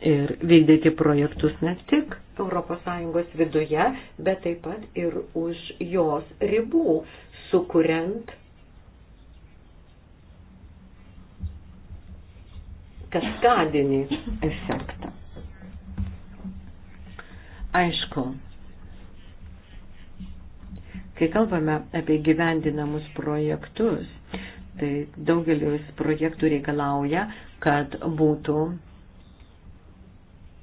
ir vykdyti projektus ne tik ES viduje, bet taip pat ir už jos ribų, sukuriant, kaskadinį efektą. Aišku, kai kalbame apie gyvendinamus projektus, tai daugelis projektų reikalauja, kad būtų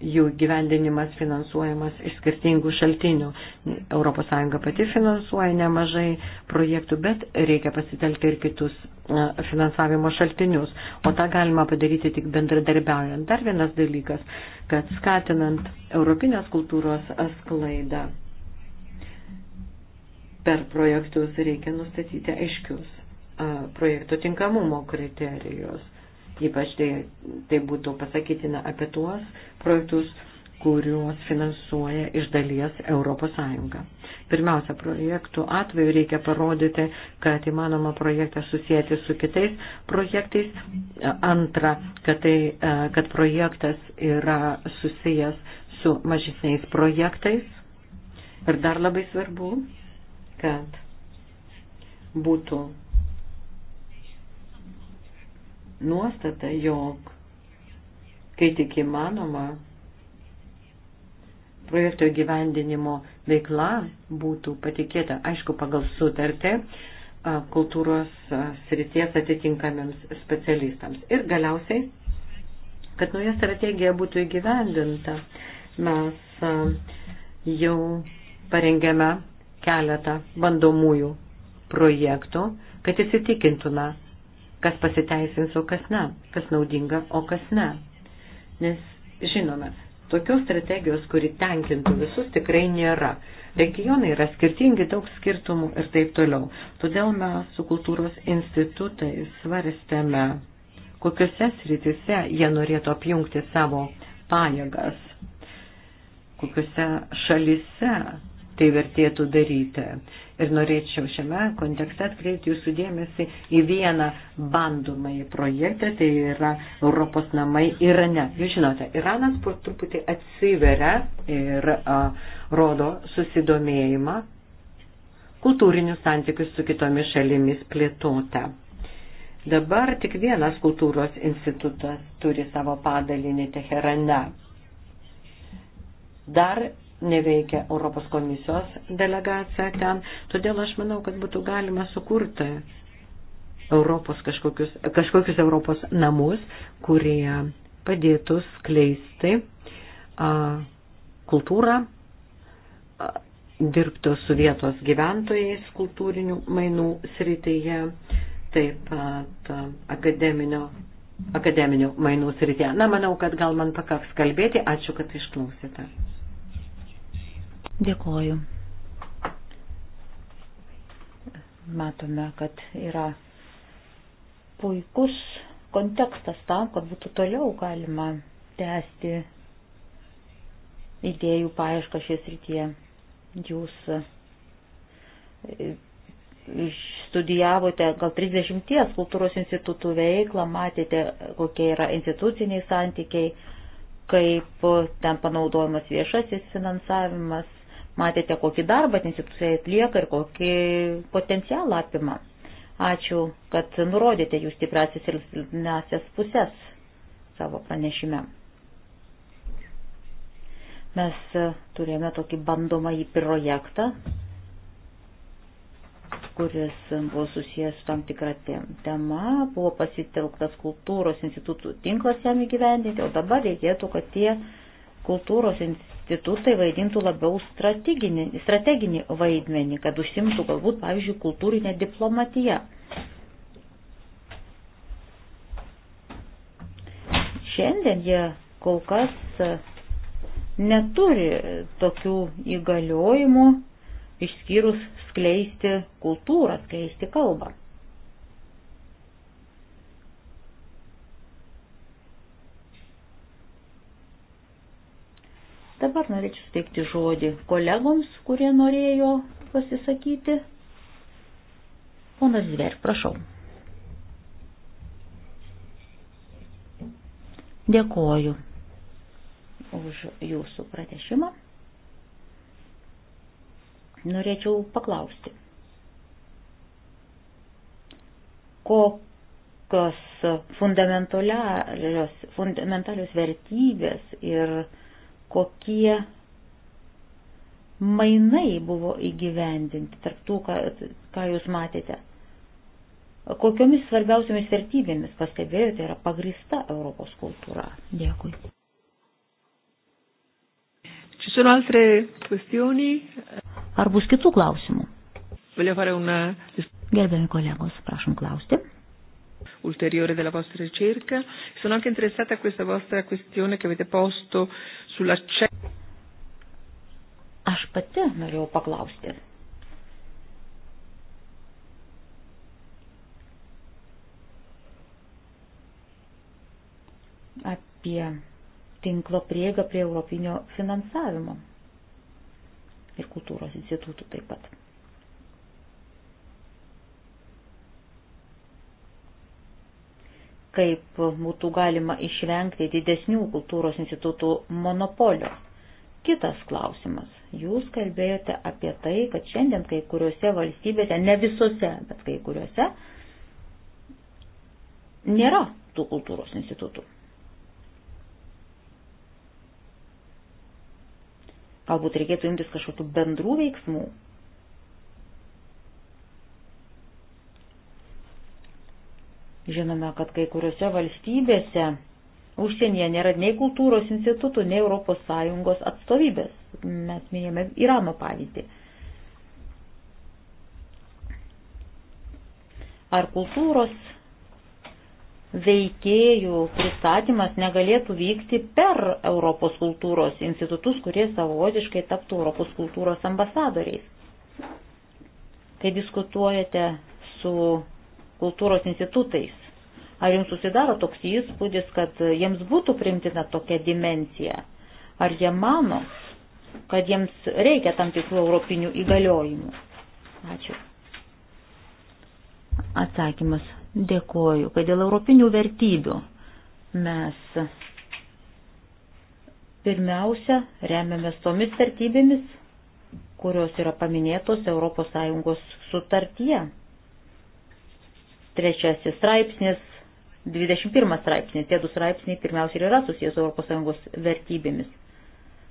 jų gyvendinimas finansuojamas iš skirtingų šaltinių. ES pati finansuoja nemažai projektų, bet reikia pasitelkti ir kitus finansavimo šaltinius, o tą galima padaryti tik bendradarbiaujant. Dar vienas dalykas, kad skatinant europinės kultūros sklaidą per projektus reikia nustatyti aiškius projekto tinkamumo kriterijus Ypač tai, tai būtų pasakytina apie tuos projektus, kuriuos finansuoja iš dalies ES. Pirmiausia, projektų atveju reikia parodyti, kad įmanoma projektą susijęti su kitais projektais. Antra, kad, tai, kad projektas yra susijęs su mažesniais projektais. Ir dar labai svarbu, kad būtų nuostata, jog kai tik įmanoma projekto gyvendinimo veikla būtų patikėta, aišku, pagal sutartę kultūros srities atitinkamiems specialistams. Ir galiausiai, kad nauja strategija būtų įgyvendinta, mes jau parengėme keletą bandomųjų projektų, kad įsitikintume, kas pasiteisins, o kas ne, kas naudinga, o kas ne. Nes žinome, tokios strategijos, kuri tenkintų visus, tikrai nėra. Regionai yra skirtingi, daug skirtumų ir taip toliau. Todėl mes su kultūros institutais svarstėme, kokiuose sritise jie norėtų apjungti savo pajėgas, kokiuose šalise tai vertėtų daryti. Ir norėčiau šiame kontekste atkreipti jūsų dėmesį į vieną bandomąjį projektą, tai yra Europos namai Irane. Jūs žinote, Iranas po truputį atsiveria ir a, rodo susidomėjimą kultūrinius santykius su kitomis šalimis plėtota. Dabar tik vienas kultūros institutas turi savo padalinį Teherane. Dar neveikia Europos komisijos delegacija ten. Todėl aš manau, kad būtų galima sukurti Europos kažkokius, kažkokius Europos namus, kurie padėtų skleisti a, kultūrą, a, dirbtų su vietos gyventojais kultūrinių mainų srityje, taip pat a, akademinio, akademinių mainų srityje. Na, manau, kad gal man pakaks kalbėti. Ačiū, kad išklausėte. Dėkoju. Matome, kad yra puikus kontekstas tam, kad būtų toliau galima tęsti idėjų paiešką šioje srityje. Jūs e, studijavote gal 30 kultūros institutų veiklą, matėte, kokie yra instituciniai santykiai, kaip ten panaudojamas viešasis finansavimas, matėte, kokį darbą institucija atlieka ir kokį potencialą apima. Ačiū, kad nurodėte jūs stiprasias ir silpnasias pusės savo pranešime. Mes turėjome tokį bandomąjį projektą, kuris buvo susijęs su tam tikra tema, buvo pasitelktas kultūros institutų tinklas jam įgyvendinti, o dabar reikėtų, kad tie kultūros institutų institutai vaidintų labiau strateginį, strateginį vaidmenį, kad užsimtų galbūt, pavyzdžiui, kultūrinę diplomatiją. Šiandien jie kol kas e, neturi tokių įgaliojimų, išskyrus skleisti kultūrą, skleisti kalbą. Dabar norėčiau suteikti žodį kolegoms, kurie norėjo pasisakyti. Ponas Zver, prašau. Dėkoju už jūsų pratešimą. Norėčiau paklausti, kokios fundamentalios, fundamentalios vertybės ir kokie mainai buvo įgyvendinti tarp tų, ką, ką jūs matėte. Kokiomis svarbiausiamis vertybėmis pastebėjote yra pagrista Europos kultūra? Dėkui. Ar bus kitų klausimų? Gerbiami kolegos, prašom klausti ulteriore della vostra ricerca. Sono anche interessata a questa vostra questione che avete posto sull'accesso. Aš pati norėjau paklausti. Apie tinklo prieigą prie europinio finansavimo ir kultūros institutų taip pat. kaip būtų galima išvengti didesnių kultūros institutų monopolio. Kitas klausimas. Jūs kalbėjote apie tai, kad šiandien kai kuriuose valstybėse, ne visose, bet kai kuriuose, nėra tų kultūros institutų. Galbūt reikėtų imtis kažkokių bendrų veiksmų, Žinome, kad kai kuriuose valstybėse užsienyje nėra nei kultūros institutų, nei ES atstovybės. Mes minėjome Irano pavyzdį. Ar kultūros veikėjų pristatymas negalėtų vykti per Europos kultūros institutus, kurie savotiškai taptų Europos kultūros ambasadoriais. Kai diskutuojate su kultūros institutais. Ar jums susidaro toks įspūdis, kad jiems būtų primtina tokia dimencija? Ar jie mano, kad jiems reikia tam tikrų europinių įgaliojimų? Ačiū. Atsakymas. Dėkoju, kad dėl europinių vertybių mes pirmiausia remiamės tomis vertybėmis, kurios yra paminėtos ES sutartyje trečiasis straipsnis, 21 straipsnis. Tie du straipsniai pirmiausia ir yra susijęs su ES vertybėmis.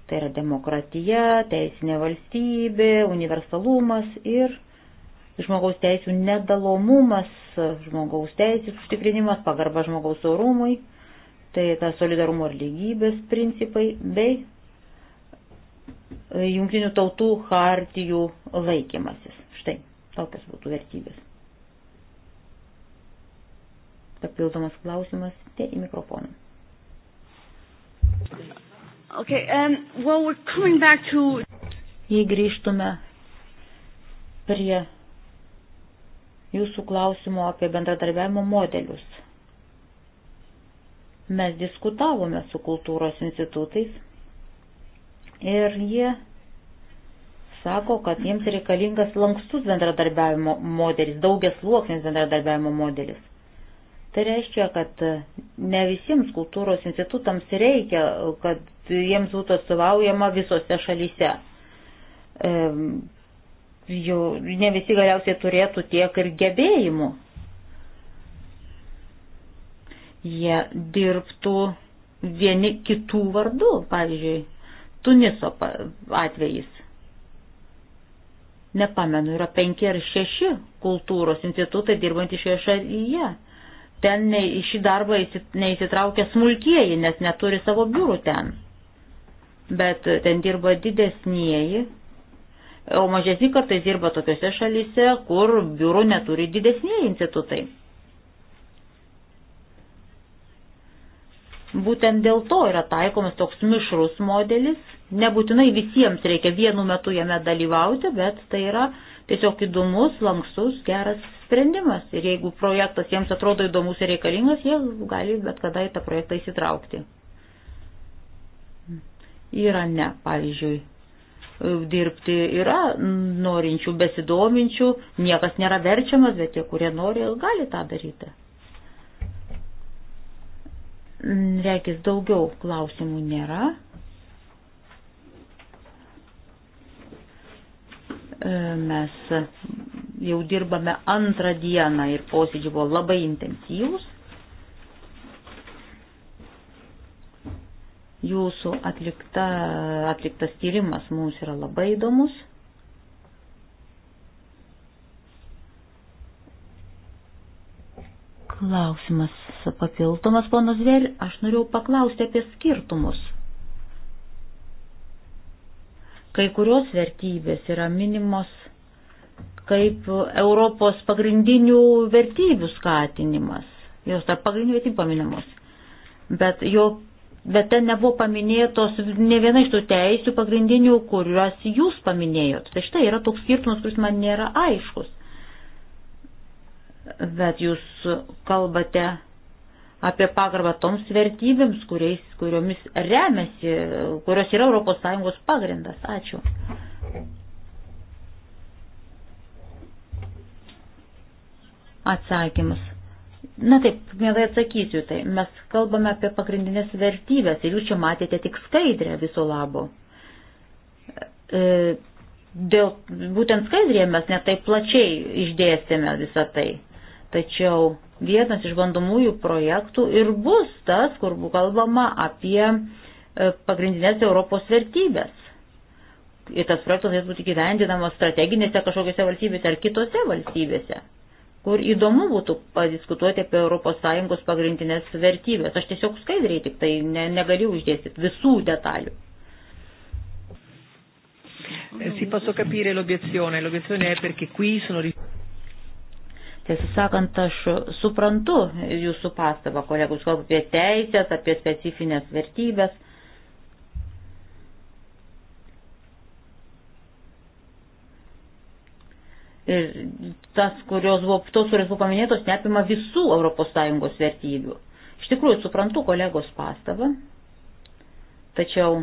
Tai yra demokratija, teisinė valstybė, universalumas ir žmogaus teisų nedalomumas, žmogaus teisės užtikrinimas, pagarba žmogaus orumui, tai ta solidarumo ir lygybės principai bei jungtinių tautų hartijų laikymasis. Štai tokios būtų vertybės papildomas klausimas tai į mikrofoną. Okay, um, well, we're coming back to... Jei grįžtume prie jūsų klausimo apie bendradarbiavimo modelius. Mes diskutavome su kultūros institutais ir jie sako, kad jiems reikalingas lankstus bendradarbiavimo modelis, daugias luoksnis bendradarbiavimo modelis. Tai reiškia, kad ne visiems kultūros institutams reikia, kad jiems būtų atstovaujama visose šalyse. E, jau ne visi galiausiai turėtų tiek ir gebėjimų. Jie dirbtų vieni kitų vardų, pavyzdžiui, Tuniso atvejais. Nepamenu, yra penki ar šeši kultūros institutai dirbantys šioje šalyje ten nei, į šį darbą neįsitraukia smulkieji, nes neturi savo biurų ten. Bet ten dirba didesnieji, o mažesni kartais dirba tokiuose šalyse, kur biurų neturi didesnieji institutai. Būtent dėl to yra taikomas toks mišrus modelis. Nebūtinai visiems reikia vienu metu jame dalyvauti, bet tai yra tiesiog įdomus, lankstus, geras sprendimas. Ir jeigu projektas jiems atrodo įdomus ir reikalingas, jie gali bet kada į tą projektą įsitraukti. Irane, pavyzdžiui, dirbti yra norinčių, besidominčių, niekas nėra verčiamas, bet tie, kurie nori, gali tą daryti. Reikis daugiau klausimų nėra. Mes jau dirbame antrą dieną ir posėdžiai buvo labai intensyvūs. Jūsų atlikta, atliktas tyrimas mums yra labai įdomus. Klausimas papildomas, ponas Vėl, aš norėjau paklausti apie skirtumus kai kurios vertybės yra minimos kaip Europos pagrindinių vertybių skatinimas. Jos tarp pagrindinių vertybių paminimos. Bet, jo, bet ten nebuvo paminėtos ne viena iš tų teisių pagrindinių, kuriuos jūs paminėjot. Tai štai yra toks skirtumas, kuris man nėra aiškus. Bet jūs kalbate apie pagarbą toms vertybėms, kuriais, kuriomis remiasi, kurios yra ES pagrindas. Ačiū. atsakymus. Na taip, mielai atsakysiu tai. Mes kalbame apie pagrindinės vertybės ir jūs čia matėte tik skaidrę viso labo. E, dėl būtent skaidrėje mes netai plačiai išdėstėme visą tai. Tačiau vienas iš bandomųjų projektų ir bus tas, kur buvo kalbama apie e, pagrindinės Europos vertybės. Ir tas projektas turėtų būti gyvendinamas strateginėse kažkokiose valstybėse ar kitose valstybėse kur įdomu būtų padiskutuoti apie ES pagrindinės vertybės. Aš tiesiog skaidriai tik tai ne, negaliu uždėstyti visų detalių. Eh, si posso capire l'obiezione, l'obiezione è perché qui sono... Tiesą sakant, aš suprantu jūsų pastabą, kolegos, kalbu apie teisės, apie specifines vertybės. Ir tas, kurios buvo, tos, kurios buvo paminėtos, neapima visų ES vertybių. Iš tikrųjų, suprantu kolegos pastabą, tačiau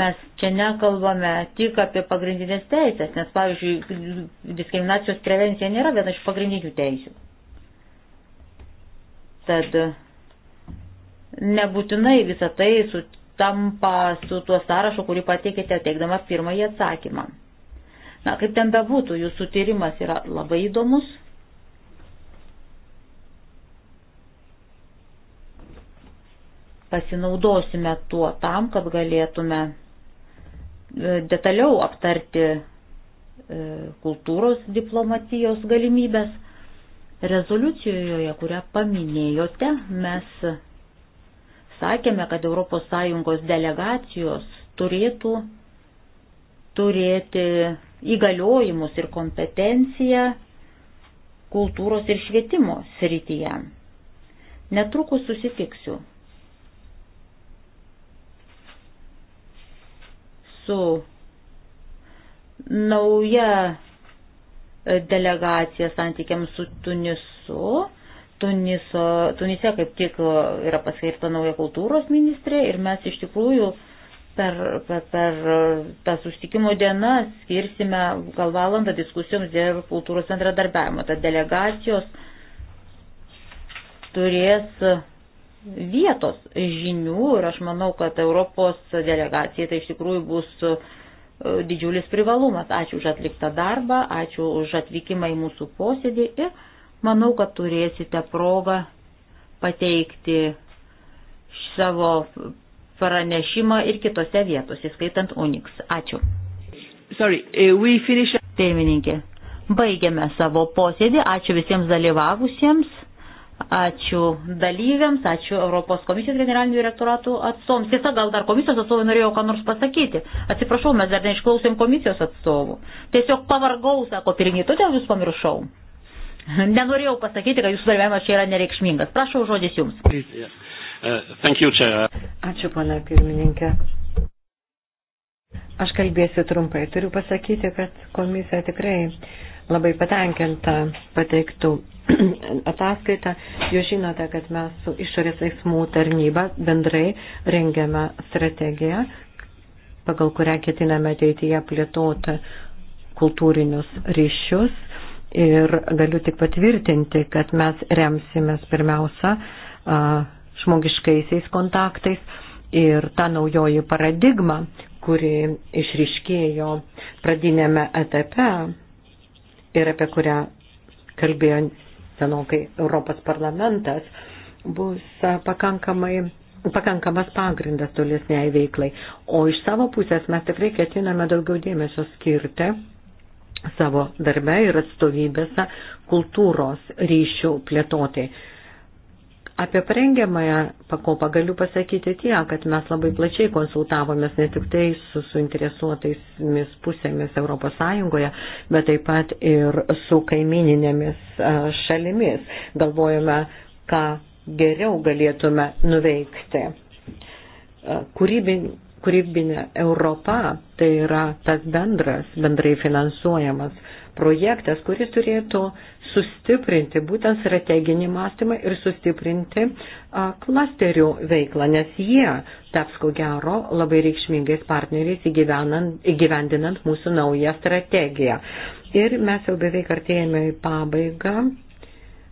mes čia nekalbame tik apie pagrindinės teisės, nes, pavyzdžiui, diskriminacijos prevencija nėra viena iš pagrindinių teisių. Tad nebūtinai visą tai su tampa su tuo sąrašu, kurį pateikėte teikdamas pirmąjį atsakymą. Na, kaip ten bebūtų, jūsų tyrimas yra labai įdomus. Pasinaudosime tuo tam, kad galėtume e, detaliau aptarti e, kultūros diplomatijos galimybės. Rezoliucijoje, kurią paminėjote, mes sakėme, kad ES delegacijos turėtų turėti įgaliojimus ir kompetenciją kultūros ir švietimo srityje. Netrukus susitiksiu su nauja delegacija santykiams su Tunisu Tuniso, Tunise kaip tik e, yra paskirta nauja kultūros ministrė ir mes iš tikrųjų per, per, per e, tą sustikimo dieną skirsime gal valandą diskusijoms dėl kultūros bendradarbiavimo. Tad delegacijos turės vietos žinių ir aš manau, kad Europos delegacija tai iš tikrųjų bus e, didžiulis privalumas. Ačiū už atliktą darbą, ačiū už atvykimą į mūsų posėdį ir Manau, kad turėsite progą pateikti savo pranešimą ir kitose vietose, skaitant Unix. Ačiū. Sorry, eh, we finish. Pirmininkė, baigiame savo posėdį. Ačiū visiems dalyvavusiems. Ačiū dalyviams, ačiū Europos komisijos generalinių direktoratų atstovams. Tiesa, gal dar komisijos atstovai norėjo ką nors pasakyti. Atsiprašau, mes dar neišklausėm komisijos atstovų. Tiesiog pavargau, sako pirmininkai, todėl jūs pamiršau. Nenorėjau pasakyti, kad jūsų dalyvavimas čia yra nereikšmingas. Prašau žodis jums. Uh, Ačiū, pana pirmininkė. Aš kalbėsiu trumpai. Turiu pasakyti, kad komisija tikrai labai patenkinta pateiktų <clears throat> ataskaitą. Jūs žinote, kad mes su išorės veiksmų tarnyba bendrai rengiame strategiją, pagal kurią ketiname ateityje plėtoti kultūrinius ryšius ir galiu tik patvirtinti, kad mes remsimės pirmiausia žmogiškaisiais kontaktais ir ta naujoji paradigma, kuri išriškėjo pradinėme etape ir apie kurią kalbėjo senokai Europos parlamentas, bus pakankamai pakankamas pagrindas tolesniai veiklai. O iš savo pusės mes tikrai ketiname daugiau dėmesio skirti savo darbe ir atstovybėse kultūros ryšių plėtotai. Apie parengiamąją pakopą galiu pasakyti tie, kad mes labai plačiai konsultavomės ne tik tai su suinteresuotais pusėmis ES, bet taip pat ir su kaimininėmis šalimis. Galvojame, ką geriau galėtume nuveikti. Kūrybin, kūrybinė Europa, tai yra tas bendras, bendrai finansuojamas projektas, kuris turėtų sustiprinti būtent strateginį mąstymą ir sustiprinti a, klasterių veiklą, nes jie taps ko gero labai reikšmingais partneriais įgyvendinant mūsų naują strategiją. Ir mes jau beveik artėjame į pabaigą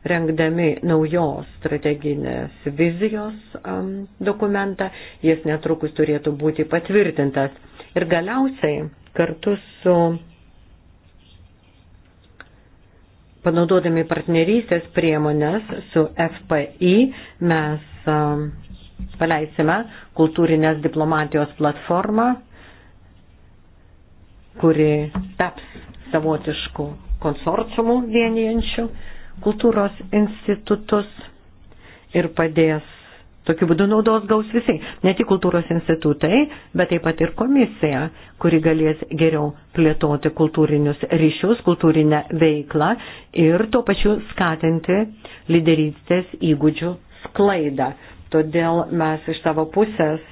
rengdami naujos strateginės vizijos um, dokumentą, jis netrukus turėtų būti patvirtintas. Ir galiausiai kartu su panaudodami partnerystės priemonės su FPI mes um, paleisime kultūrinės diplomatijos platformą, kuri taps savotiškų konsorciumų vienijančių kultūros institutus ir padės. Tokiu būdu naudos gaus visai, ne tik kultūros institutai, bet taip pat ir komisija, kuri galės geriau plėtoti kultūrinius ryšius, kultūrinę veiklą ir tuo pačiu skatinti lyderystės įgūdžių sklaidą. Todėl mes iš savo pusės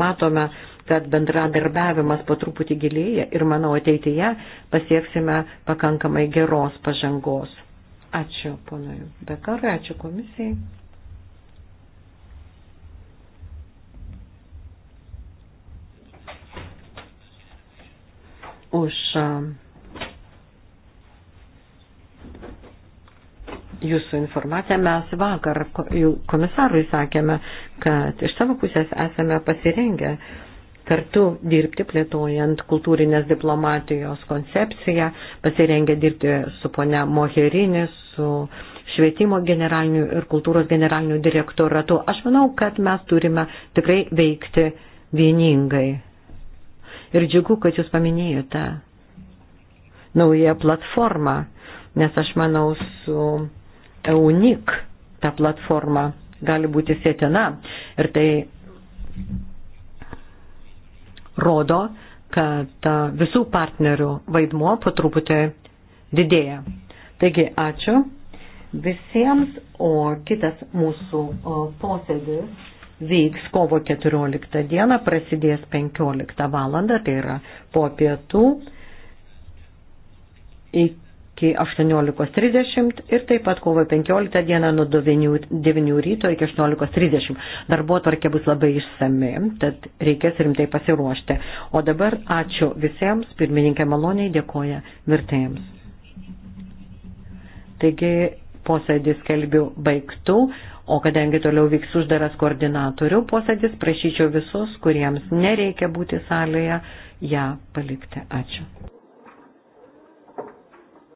matome, kad bendradarbiavimas po truputį gilėja ir manau ateityje pasieksime pakankamai geros pažangos. Ačiū ponui Bekarui, ačiū komisijai. Už jūsų informaciją mes vakar komisarui sakėme, kad iš savo pusės esame pasirengę kartu dirbti plėtojant kultūrinės diplomatijos koncepciją, pasirengę dirbti su ponia Moherinė, su švietimo generaliniu ir kultūros generaliniu direktoratu. Aš manau, kad mes turime tikrai veikti vieningai. Ir džiugu, kad jūs paminėjote naują platformą, nes aš manau su EUNIC ta platforma gali būti sėtina. Ir tai rodo, kad visų partnerių vaidmuo po truputį didėja. Taigi, ačiū visiems, o kitas mūsų posėdis vyks kovo 14 dieną, prasidės 15 valandą, tai yra po pietų. Iki iki 18.30 ir taip pat kovo 15 dieną nuo 9 ryto iki 18.30. Darbo tvarkė bus labai išsami, tad reikės rimtai pasiruošti. O dabar ačiū visiems, pirmininkė maloniai dėkoja vertėjams. Taigi posėdis kelbiu baigtų, o kadangi toliau vyks uždaras koordinatorių posėdis, prašyčiau visus, kuriems nereikia būti salėje, ją palikti. Ačiū.